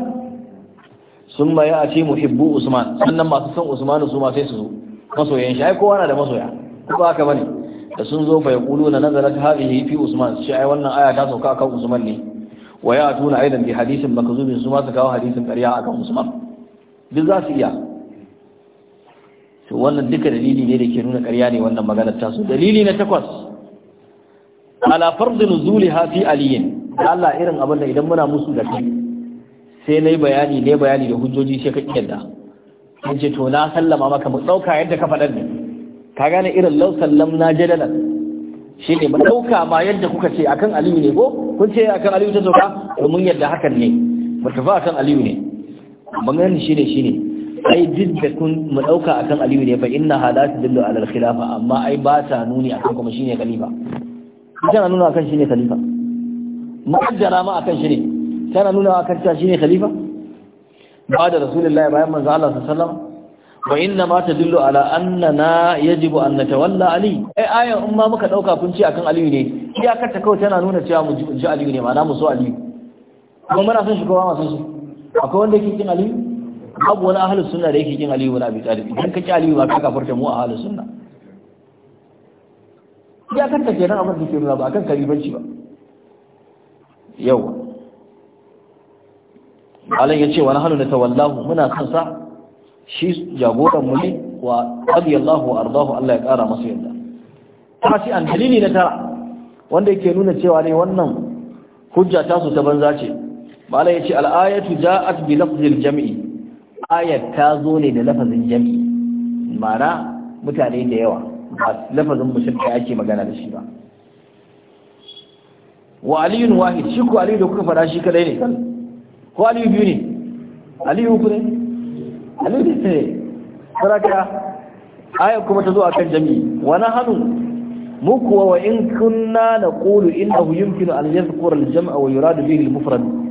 sun ma ya ce muhibbu usman sannan masu son usmanu su ma sai su zo masoyan shi ai kowa na da masoya ko ba haka bane da sun zo bai kulu na nazarat hadhihi fi usman shi ai wannan aya ta sauka akan usman ne wa ya tuna aidan bi hadisin makzubin su ma su kawo hadisin ƙarya akan usman duk za su iya to wannan duka dalili ne da ke nuna ƙarya ne wannan maganar su. dalili na takwas ala nuzuli ha fi aliyin Allah irin abin da idan muna musu da kai sai nai bayani ne bayani da hujjoji sai ka kiyarda in ce to na sallama maka mu dauka yadda ka faɗa ne ka gane irin law sallamna jadalan shi ne mu dauka ma yadda kuka ce akan aliyu ne ko kun ce akan aliyu ta doka mun yadda hakan ne mutafa tafi akan aliyu ne shi gani shi ne. ai duk da kun mu dauka akan aliyu ne fa inna halatu dillu ala al amma ai ba ta nuni akan kuma shine khalifa tana nuna akan shine khalifa mu'addara ma akan shine tana nuna akan ta shine khalifa ba da rasulullahi bayan manzo Allah sallallahu alaihi wasallam wa inna ma tadullu ala annana yajibu an natawalla ali ai ayan in ma muka dauka kun ci akan aliyu ne iyakar ta kawai tana nuna cewa mu ji aliyu ne ma'ana mu so aliyu kuma muna son shi kowa ma son shi akwai wanda yake kin aliyu babu wani ahalin suna da yake kin aliyu na abi da idan ka ki aliyu ba ka kafarta mu a ahlus sunna ya tafiya nan abin da ke nuna ba kan karibanci ba yau malam ya ce wani hannu na tawallahu muna son sa shi jagoran mu ne wa radiyallahu wa ardahu Allah ya kara masa yadda Ta shi an dalili na tara wanda yake nuna cewa ne wannan hujja ta su ta banza ce malam ya ce al'ayatu ja'at bi lafzil jami'i. ayat ta zo ne da lafazin jami'i mara mutane da yawa ba lafazin mutum da ake magana da shi ba wa aliyun wahid shi ko aliyu da kuka fara shi kadai ne kan ko aliyu biyu ne aliyu uku ne aliyu ne sai saraka ayat kuma ta zo akan jami'i wa nahanu mu kuwa wa in kunna naqulu innahu yumkinu an yadhkura al-jam'a wa yuradu bihi al-mufrad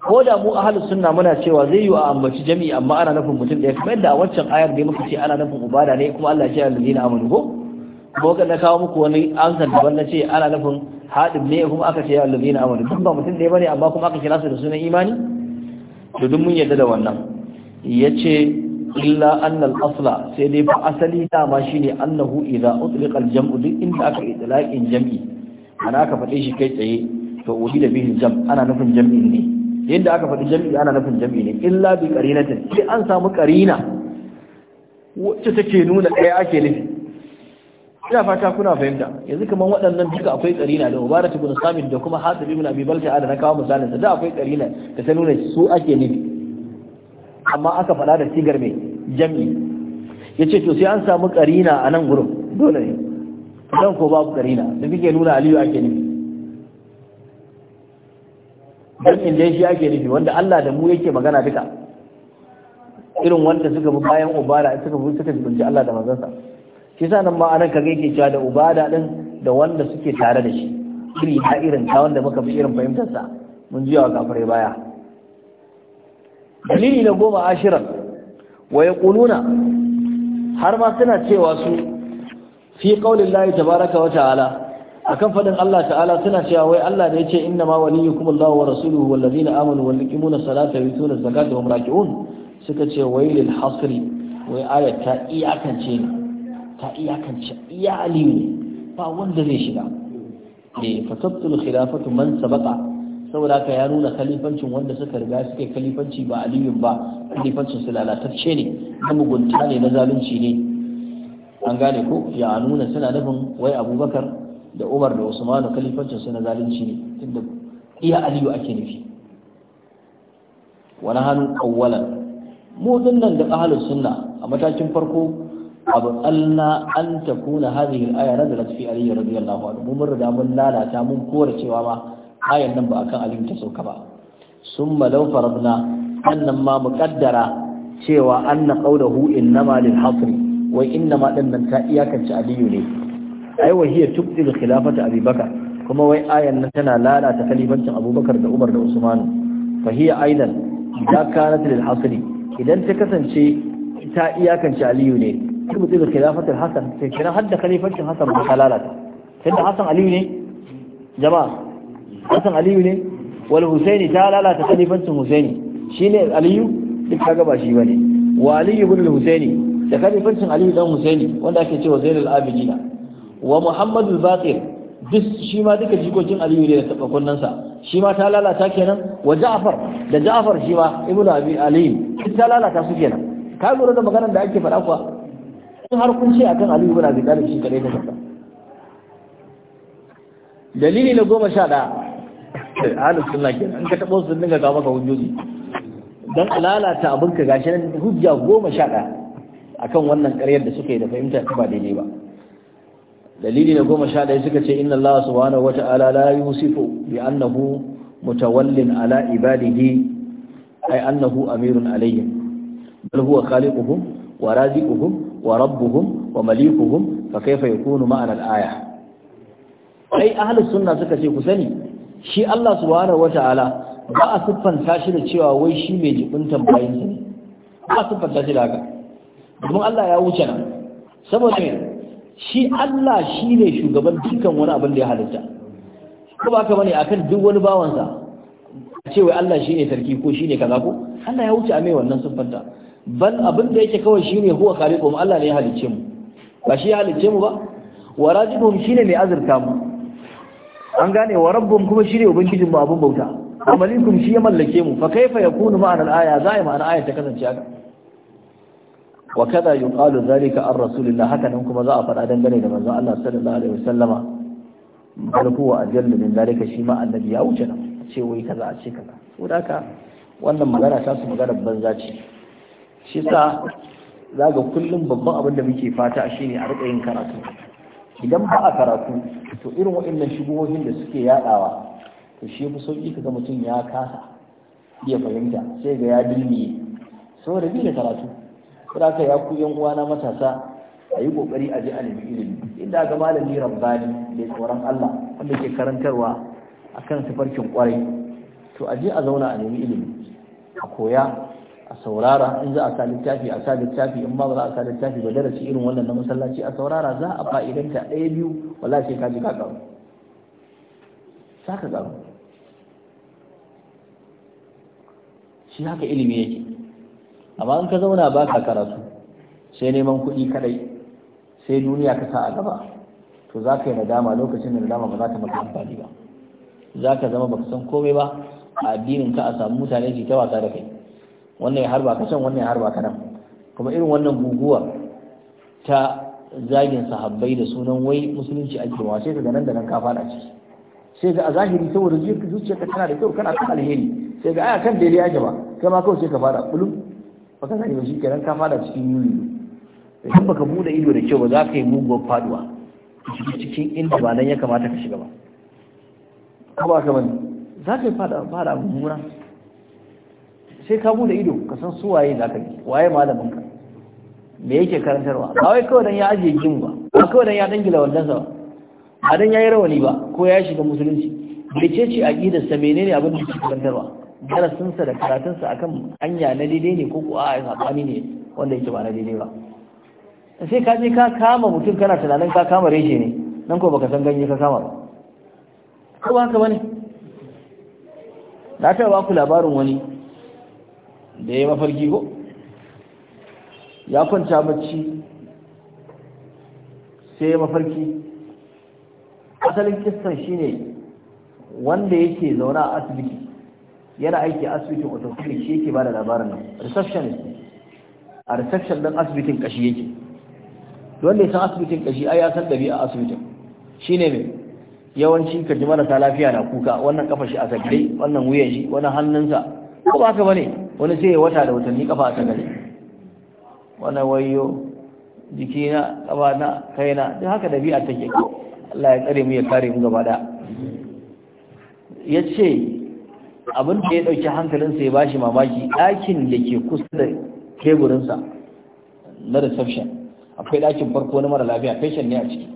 ko da mu ahlus sunna muna cewa zai yi a ambaci jam'i amma ana nufin mutum ɗaya kamar yadda a waccan ayar da muka ce ana nufin ubada ne kuma Allah ya ce alladina amanu ko kuma na kawo muku wani ansa daban na ce ana nufin haɗin ne kuma aka ce alladina amanu duk ba mutum ɗaya bane amma kuma aka kira su da sunan imani to duk mun yarda da wannan yace illa anna al-asla sai dai fa asali dama shine annahu idza utliqa al-jam'u duk inda aka itlaqin jam'i ana ka faɗe shi kai tsaye to wudi da bihin jam ana nufin jam'i ne yadda aka faɗi jami'i ana nufin jami'i ne illa bi qarinatin sai an samu qarina wacce take nuna ɗaya ake nufi ina fata kuna fahimta yanzu kamar waɗannan duka akwai qarina da mubarak ibn samit da kuma hasib ibn abi balta da na kawo misalin da akwai qarina da ta nuna su ake nufi amma aka faɗa da sigar mai jami'i yace to sai an samu qarina a nan gurin dole ne dan ko babu qarina da kike nuna aliyu ake nufi jam'in dai shi ake nufi wanda Allah da mu yake magana duka irin wanda suka bi bayan ubada suka bi suka jibinci Allah da manzansa shi sa nan ma anan kaga yake cewa da ubada din da wanda suke tare da shi iri ta irin ta wanda muka bi irin fahimtar sa mun ji wa kafirai baya dalili na goma ashiran wa yaquluna har ma suna cewa su fi qaulillahi tabaraka wa ta'ala akan fadin Allah ta'ala suna cewa wai Allah ne yace inna ma waliyukum Allah wa rasuluhu wal ladina amanu wal yuqimuna salata wa yutuna zakata wa raki'un suka ce wai lil hasri wai ayat ta iyakance ne ta iyakance iyali ne ba wanda zai shiga eh fatabtul khilafatu man sabaqa saboda haka ya nuna khalifancin wanda suka riga suka khalifanci ba aliyun ba khalifancin su lalatacce ne na mugunta ne na zalunci ne an gane ko ya nuna suna nufin wai abubakar da Umar da Usman kalifancin su na zalunci ne tunda iya Aliyu ake nufi wani hannu awwalan mu nan da ahlus sunna a matakin farko abu Allah an takuna hadhihi al-aya nazalat fi Ali radiyallahu anhu mun riga mun lalata mun kore cewa ma ayan nan ba akan aliyu ta sauka ba Sun law farabna. annan ma muƙaddara cewa anna qawluhu innama lil hasri wa innama dannan ta iyakance aliyu ne ai wahiyar tubdil khilafata abi bakar kuma wai ayan nan tana lalata kalifancin abubakar da umar da usmanu fahiya aidan idan kanat lil hasri idan ta kasance ta iyakance aliyu ne tubdil khilafata hasan sai kira hadda kalifancin hasan ba ta lalata da hasan aliyu ne jama'a hasan aliyu ne wal husaini ta lalata kalifancin husaini shine aliyu duk kaga ba shi bane wa aliyu bin al-husaini da kalifancin aliyu dan husaini wanda ake cewa zainul abidina wa muhammadu baqir duk shi ma duka jikokin aliyu ne da taba kunnansa shi ma ta lalata kenan wa ja'afar da ja'afar shi ma ibnu abi ali duk ta lalata su kenan ka lura da maganar da ake faɗa kuwa in har kun ce akan aliyu ibnu abi talib shi kare ta faɗa dalili na goma sha ɗaya ahalus sunna kenan in ka taɓa su dinga ga maka hujjoji don lalata abinka gashi nan hujja goma sha ɗaya akan wannan ƙaryar da suka yi da fahimta ba daidai ba dalili na goma sha ɗaya suka ce inna Allah subhanahu wa ta'ala la yusifu bi annahu mutawallin ala ibadihi ay annahu amirun alayhim bal huwa khaliquhum wa raziquhum wa rabbuhum wa malikuhum fa kayfa yakunu ma'ana al-aya ai ahlus sunna suka ce ku sani shi Allah subhanahu wa ta'ala ba a siffanta tashi da cewa wai shi mai jibintan bayin ba a siffanta tashi da haka domin Allah ya wuce nan saboda shi Allah shi ne shugaban dukkan wani abin da ya halitta ko ba ka bane kan duk wani bawansa a ce wai Allah shi ne sarki ko shi ne kaza ko Allah ya wuce a mai wannan siffanta ban abin da yake kawai shi ne huwa mu Allah ne ya halicce mu ba shi ya halicce mu ba wa rajibuhum shi ne mai azurta mu an gane wa rabbuhum kuma shi ne ubangijin mu abin bauta amalinkum shi ya mallake mu fa kaifa yakunu ma'anar aya za a yi ma'anar aya ta kasance haka wa kada yuqalu zarika an rasulillah haka nan kuma za a faɗa dangane da manzon Allah sallallahu alaihi wasallama bal huwa ajallu min dhalika shi ma annabi ya wuce nan ce wai kaza a ce kaza da haka wannan magana ta su magana banza ce shi sa zaga kullum babban abin da muke fata ne a rika yin karatu idan ba a karatu to irin waɗannan shigohin da suke yaɗawa, to shi fi sauki kaga mutum ya kasa iya fahimta sai ga ya dilmiye saboda bi da karatu ka ya ku yan uwana matasa a yi kokari a ji alimi ilimi inda ga malami rabbani mai tsoron Allah wanda ke karantarwa akan sifarkin kwarai to a je a zauna a nemi ilimi a koya a saurara in za a sa littafi a sa littafi in ba za a sa littafi ba darasi irin wannan na masallaci a saurara za a fa'idanta ɗaya biyu wallahi sai ka ji ka sa ka karu shi haka ilimi yake amma in ka zauna ba ka karatu sai neman kuɗi kadai sai duniya ka sa a gaba to za ka yi nadama lokacin da nadama ba za ta maka amfani ba za ka zama baka san komai ba a addinin ka a samu mutane su ta wasa da kai wannan ya harba ka can wannan ya harba ka nan kuma irin wannan guguwa ta zagin sahabbai da sunan wai musulunci ake ma sai ka nan da nan ka fada ciki sai ga a zahiri saboda zuciyarka tana da kyau kana kan alheri sai ga aya kan daidai ake ba kai ma kawai sai ka fara bulum baka sani ba shi kenan ka fada cikin yuyu idan baka bude ido da kyau ba za ka yi muguwar faduwa cikin cikin inda ba nan ya kamata ka shiga ba ka ba ka bani za ka yi fada fada mummuna sai ka bude ido ka san su waye za ka yi waye malamin ka me yake karantarwa ba wai kawai dan ya ajiye jin ba ba kawai dan ya dangila wandansa ba ba dan ya yi rawani ba ko ya shiga musulunci ce aqidar sa menene abin da yake karantarwa darasinsa da karatunsa akan anya na daidai ne ko kuwa a sabani ne wanda yake ba na daidai ba sai ka je ka kama mutum kana tunanin ka kama reshe ne nan ko baka san ganye ka kama ba ko ba ka bane na taɓa ku labarin wani da ya mafarki ko ya kwanta bacci sai ya mafarki asalin kistan shine wanda yake zaune a asibiti yana aiki asibitin orthopedic shi yake ba da labarin nan receptionist a reception ɗin asibitin kashi yake wanda ya san asibitin kashi ai ya san ɗabi'a asibitin ne mai yawanci ka ji marasa lafiya na kuka wannan kafa shi a sagale wannan wuyan shi wannan hannunsa ko ba ka bane wani sai ya wata da watanni kafa a sagale wannan wayo jikina kafa na kaina duk haka ɗabi'a take Allah ya tsare mu ya kare mu gaba da yace abin da ya dauki hankalinsa ya bashi mamaki ɗakin da ke kusa da teburinsa na reception akwai ɗakin farko na mara lafiya fashion ne a ciki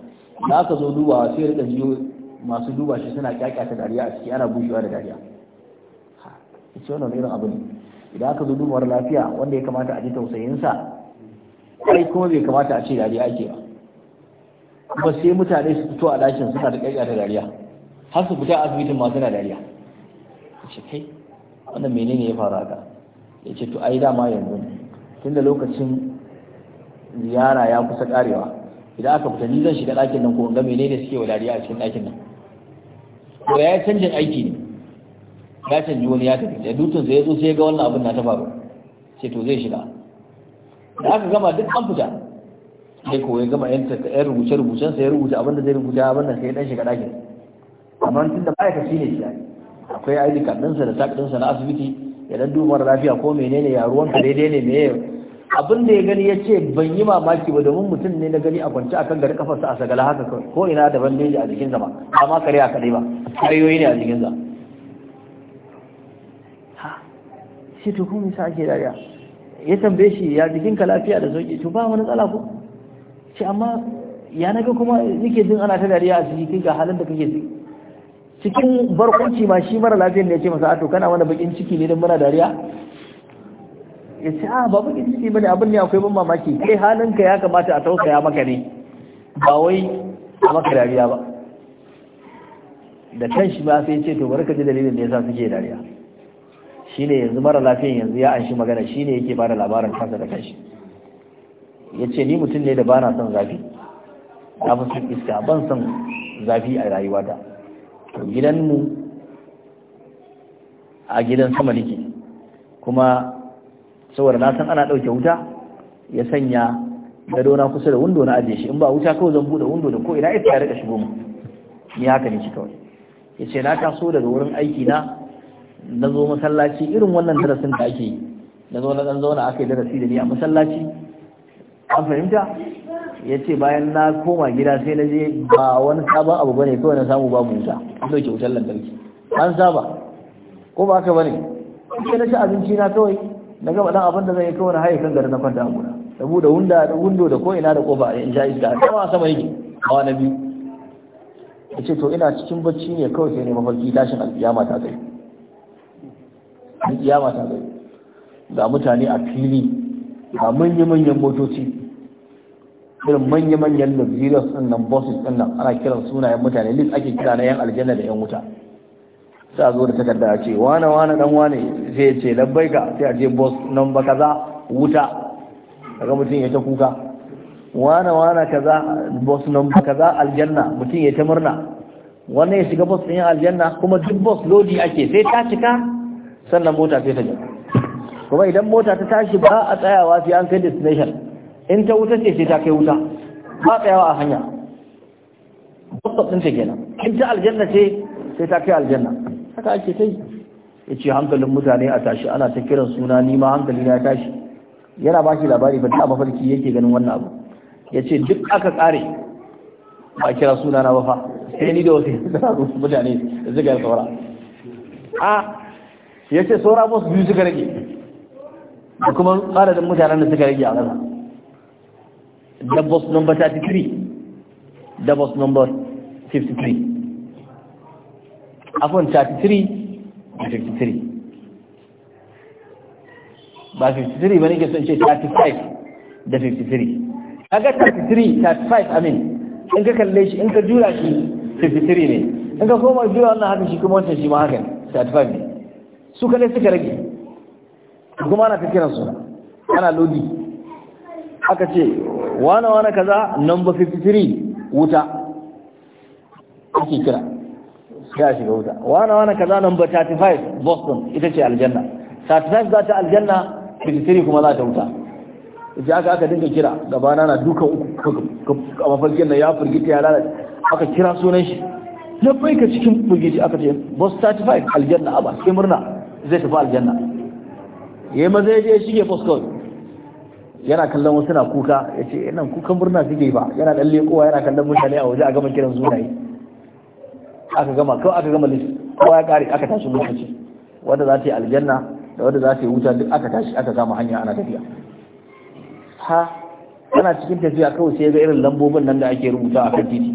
na aka zo dubawa sai rika jiyo masu duba shi suna kyakkyata dariya a ciki ana bushewa da dariya ita wannan irin abu ne idan aka zo duba mara lafiya wanda ya kamata a ji tausayinsa kai kuma bai kamata a ce dariya ake ba kuma sai mutane su fito a ɗakin suna da kyakkyata dariya har su fita asibitin ma suna dariya ce kai wannan menene ya faru haka ya ce to ai dama yanzu tunda lokacin ziyara ya kusa karewa idan aka fita ni zan shiga ɗakin nan ko in ga menene suke wa dariya a cikin ɗakin nan to ya yi canjin aiki ne ya canji wani ya tafi da dutsen sai ya zo sai ya ga wannan abin na ta faru sai to zai shiga da aka gama duk an fita sai ko ya gama ta yan rubuce-rubucen sai ya rubuta abin da zai rubuta abin da sai ya dan shiga ɗakin amma tun da ma'aikaci ne shi akwai ID card ɗinsa da tag ɗinsa na asibiti ya dan duba lafiya ko menene yaruwan ka daidai ne meye abin da ya gani ya ce ban yi mamaki ba domin mutum ne na gani a kwance akan gari kafarsa a sagala haka ko ina da bandeji a jikinsa ba amma kare a kadai ba ayoyi ne a jikinsa ha shi to kun sa ake dariya ya tambaye shi ya jikin ka lafiya da sauki to ba wani tsala ko shi amma ya naga kuma nake jin ana ta dariya a ciki kai ga halin da kake ciki cikin barkwanci ma shi mara lafiyar ne ya ce masa ato kana wani bakin ciki ne don muna dariya ya ce a ba bakin ciki bane abin ne akwai ban mamaki kai halinka ya kamata a tausaya maka ne ba wai a maka dariya ba da kan shi ba sai ce to barka ka ji dalilin da ya sa suke dariya Shi ne yanzu mara lafiyan yanzu ya anshi magana shi ne yake bada labarin kansa da kanshi ya ce ni mutum ne da ba na son zafi na fi son iska ban son zafi a rayuwata Gidan mu, a gidan sama nake kuma saboda na san ana ɗauke wuta ya sanya gado na kusa da wundo na ajiye shi in ba wuta kawai zan buɗe wundo da ko ina ita ya rika shigo mu ni haka ne shi kawai ya ce na taso daga wurin aiki na na zo masallaci irin wannan darasin da ake na zo na ɗan zauna aka yi darasi da ni a masallaci an fahimta ya ce bayan na koma gida sai na je ba wani sabon abu bane kawai na samu babu musa an dauke wutar lantarki an saba ko ba haka bane sai na ci abinci na kawai na gaba dan abin da zai yi kawai na haye kan gari na kwanta a gona da wunda da wundo da ko ina da kofa in sha iska sama sama yake hawa na biyu ya ce to ina cikin bacci ne kawai sai ne mafarki tashin alkiyama ta zai? alkiyama ta zai ga mutane a fili ga manya-manyan motoci irin manya-manyan luxurious din nan bosses din nan ana kiran sunayen mutane list ake kira na yan aljanna da yan wuta sai a zo da takarda a ce wane wane dan wane sai ce labbai ka sai a ce boss nan ba kaza wuta kaga mutum ya ta kuka wane wane kaza boss nan ba kaza aljanna mutum ya ta murna wannan ya shiga boss din aljanna kuma duk boss lodi ake sai ta cika sannan mota sai ta je kuma idan mota ta tashi ba a tsayawa sai an kai destination in ta wuta ce sai ta kai wuta ba tsayawa a hanya ɗin ɗinta kenan in ta aljanna ce sai ta kai aljanna haka ake ta yi ya ce hankalin mutane a tashi ana ta kiran suna nima hankali ya tashi yana ba shi labari ba ta mafarki yake ganin wannan abu ya ce duk aka ƙare ba kira suna na ba fa sai ni da wasu mutane zuga ya saura a ya ce saura su biyu suka rage da kuma tsaradin mutanen da suka rage a ƙasa the boss number 33 the boss number 53 afon 33 53 ba 53 ba ne ke son ce 35 da 53 kaga 33 35 amin in ka kalle shi in ka jura shi 53 ne in ka koma jura wannan haka shi kuma wancan shi ma haka 35 ne su kaɗai suka rage kuma ana fikiran su ana lodi aka ce wane wane kaza number 53 wuta ake kira ya shiga wuta wane wane kaza number 35 boston ita ce aljanna 35 za ta aljanna 53 kuma za ta wuta ita aka aka dinga kira gabana na dukan uku a mafarkin na ya firgita ya lalata aka kira sunan shi na baika cikin firgiti aka ce boston 35 aljanna aba ke murna zai tafi aljanna yayi maza ya je shige bus yana kallon wasu na kuka ya ce eh, nan kukan murna suke ba yana dan lekowa yana kallon mutane a waje a gama kiran sunaye aka gama kawai aka gama lissu kowa ya kare aka tashi lokaci wanda za ta yi aljanna da wanda za ta yi wuta duk aka tashi aka kama hanya ana tafiya ha yana cikin tafiya kawai sai ga irin lambobin nan da ake rubuta a kan titi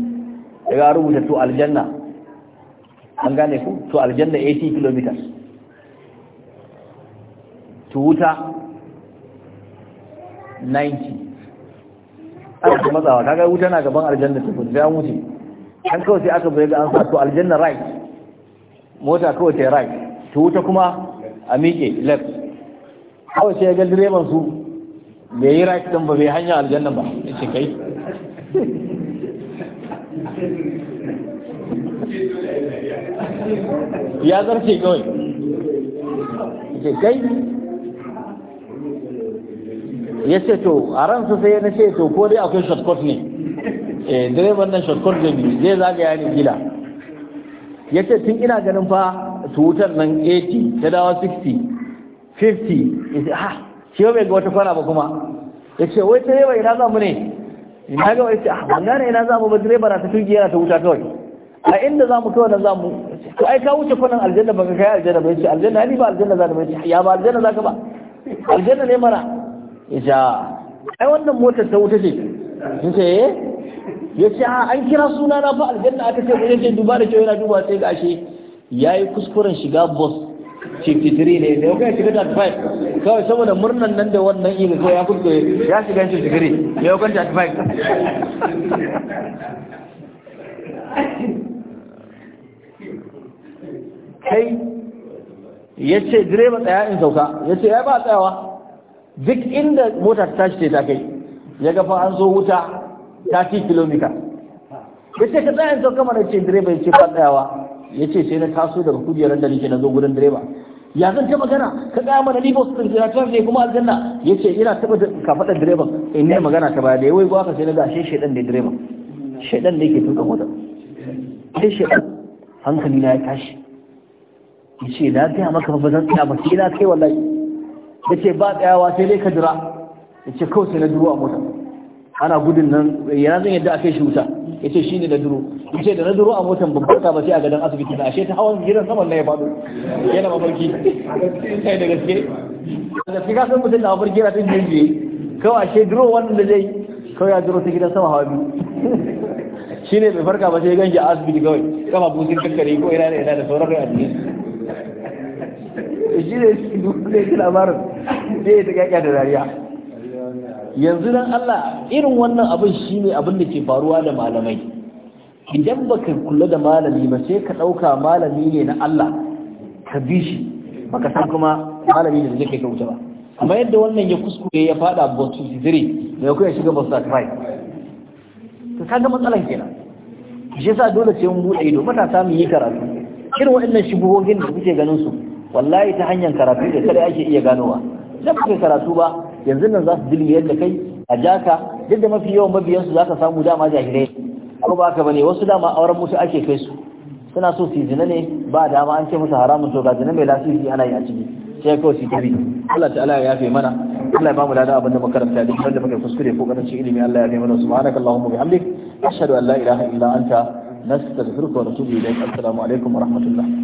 daga rubuta to aljanna an gane ku to aljanna 80 kilometers to wuta 90 aka ce matsawa kaga wuta na gaban aljanna ta kudu sai an wuce an kawai sai aka bai ga an sa to aljanna right mota kawai ta right to wuta kuma a miƙe left kawai sai ya ga direban su bai yi right ɗin ba bai hanyar aljanna ba ya ce kai ya zarce kawai ya ce kai ya ce to a ransu sai na ce to ko dai akwai shortcut ne eh direban nan shortcut ne bi zai zaga ne gida ya ce tun ina ganin fa tutar nan 80 ta dawa 60 50 ya ce ha shi bai ga wata fara ba kuma ya ce wai ta yawa ina zamu ne ina ga wai ce ah ban gane ina zamu ba direba na ta tuki yana ta wuta kawai a inda zamu kawai nan zamu to ai ka wuce kwanan aljanna ba ka kai aljanna ba ya ce aljanna ni ba aljanna za ta ba ya ba aljanna za ka ba aljanna ne mara. ita ai wannan motar ta wuta ce sun ce eh. ya ce a ah, an kira suna na fa aljanna aka ce kuma ce duba da kyau yana duba sai gashi ya yi kuskuren shiga bus 53 ne da ya kai shiga 35 kawai saboda murnan nan da wannan imi ko ya kuskure ya shiga 53 ya kan 35 kai ya ce direba tsaya in sauka ya ce ya ba tsayawa duk inda mota ta tashi ta kai ya ga fa an zo wuta 30 km kilomita ya ce ka tsayanta kamar kamar ce direba ya ce ba tsayawa ya ce sai na taso daga kujerar da nake na zo gudun direba ya zan ta magana ka ga mana ni bosu su ta ne kuma aljanna ya ce ina taɓa ka faɗa direban in ne magana ta baya da ya wai ba ka sai na gashe shaidan ne direban shaidan ne ke tuka motar sai shaidan hankali na ya tashi ya ce na gaya maka ba zan tsaya ba sai na kai wallahi da ke ba tsayawa sai dai ka jira ya ce kawai sai na duro a mota ana gudun nan yana zan yadda aka kai shi wuta ya ce shi ne na duro ya ce da na duro a motan babbar ta ba sai a gadon asibiti da ashe ta hawan gidan saman na ya fado yana mafarki sai da gaske da gaske ka san mutum da mafarki yana tun jirgi kawai ashe duro wannan da zai kawai ya duro ta gidan sama hawa biyu shi ne bai farka ba sai ganji a asibiti kawai kama busin kankare ko ina da ina da sauran rai a jikin shi ne shi ne shi labarin sai ya ta da dariya yanzu nan Allah irin wannan abin shi ne abin da ke faruwa da malamai idan baka kula da malami ba sai ka ɗauka malami ne na Allah ka bi shi ka san kuma malami ne da zai kai wuce ba amma yadda wannan ya kuskure ya faɗa fada boss 53 da ya kuma shiga boss 35 Ka kaga matsalan kenan shi yasa dole sai mun bude ido matasa mu yi karatu irin waɗannan shubuhohin da kuke ganin su wallahi ta hanyar karatu da kada ake iya ganowa da kuka karatu ba yanzu nan za su dilmi yadda kai a jaka duk da mafi yawan mabiyansu za ka samu dama jahilai ko ba ka bane wasu dama auren musu ake kai su suna so su zina ne ba dama an ce musu haramun to ga zina mai lasisi ana yi a ciki sai kawai su tabi Allah ta'ala ya yafe mana Allah ya bamu ladan abin da muka karanta duk wanda muka kuskure ko karanci ilimi Allah ya yafe mana subhanakallahumma bihamdik ashhadu an la ilaha illa anta nastaghfiruka wa natubu ilayk assalamu alaikum wa